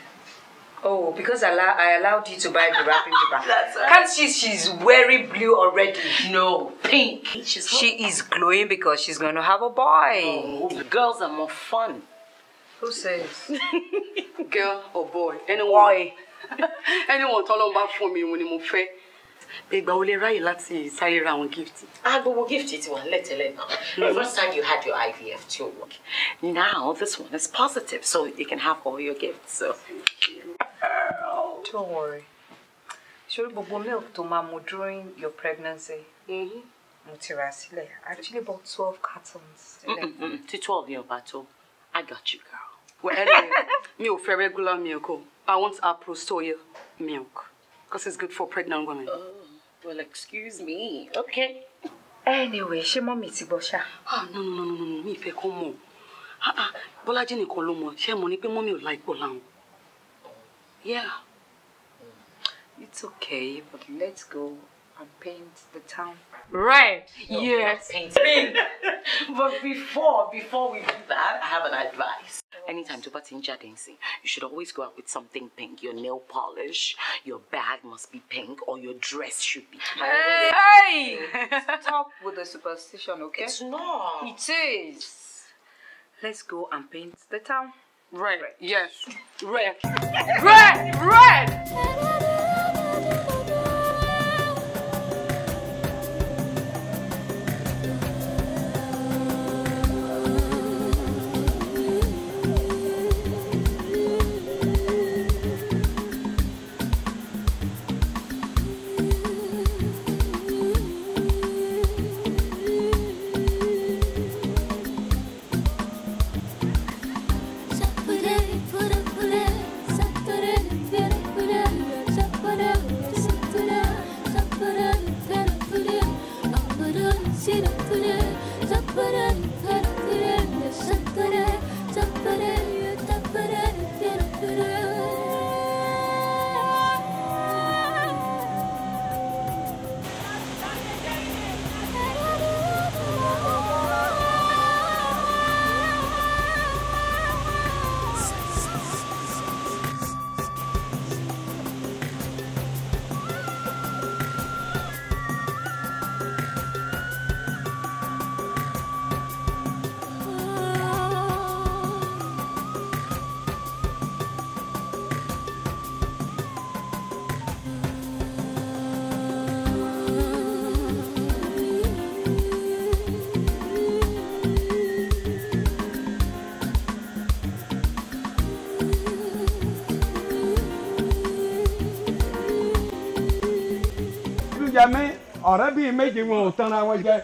Oh, because I, allow, I allowed you to buy the wrapping paper. That's right. Can't she? She's wearing blue already. No, pink. She's she is glowing because she's going to have a boy. girls are more fun. Who says? Girl or boy? Anyway. ẹni wọn tọ́ lọ́nba fún mi òun ni mo fẹ́ ìgbà wo lè ráyè láti sáré ra àwọn gift. ah gbogbo gift ti wà nílẹ̀ tẹ́lẹ̀ náà the hmm. first time you had your IVF tí o now this one is positive so you can have all your gifts. So. don't worry ṣorí gbogbo milk tó máa mu during your pregnancy mm-hmm. mo ti rà sílẹ̀ actually bought twelve cartons. ti twelve yẹn ò bá tó i got you girl. Well, anyway, milk. ò fẹ́ regular milk I want aprosoya milk because it's good for pregnant women. Oh, well, excuse me. Okay. Anyway, she mommy ti gbọ́ Ah, no, no, no, no, no, mi fẹ́ kó mọ̀. Ah, ah, Bọ́lájí nìkan ló mọ̀. mo ní mommy mọ́mì ò like Bọ́láhùn? Yeah. It's okay, but let's go and paint the town right? No, yes. Paint but before, before we do that, I have an advice. Anytime to put in dancing, you should always go out with something pink. Your nail polish, your bag must be pink, or your dress should be pink. Hey! hey. Stop with the superstition, okay? It's not. It is. Let's go and paint the town. Red. red. Yes. red. red. Red. ọ̀rẹ́ bíi méje wọn ò tanra wọn jẹ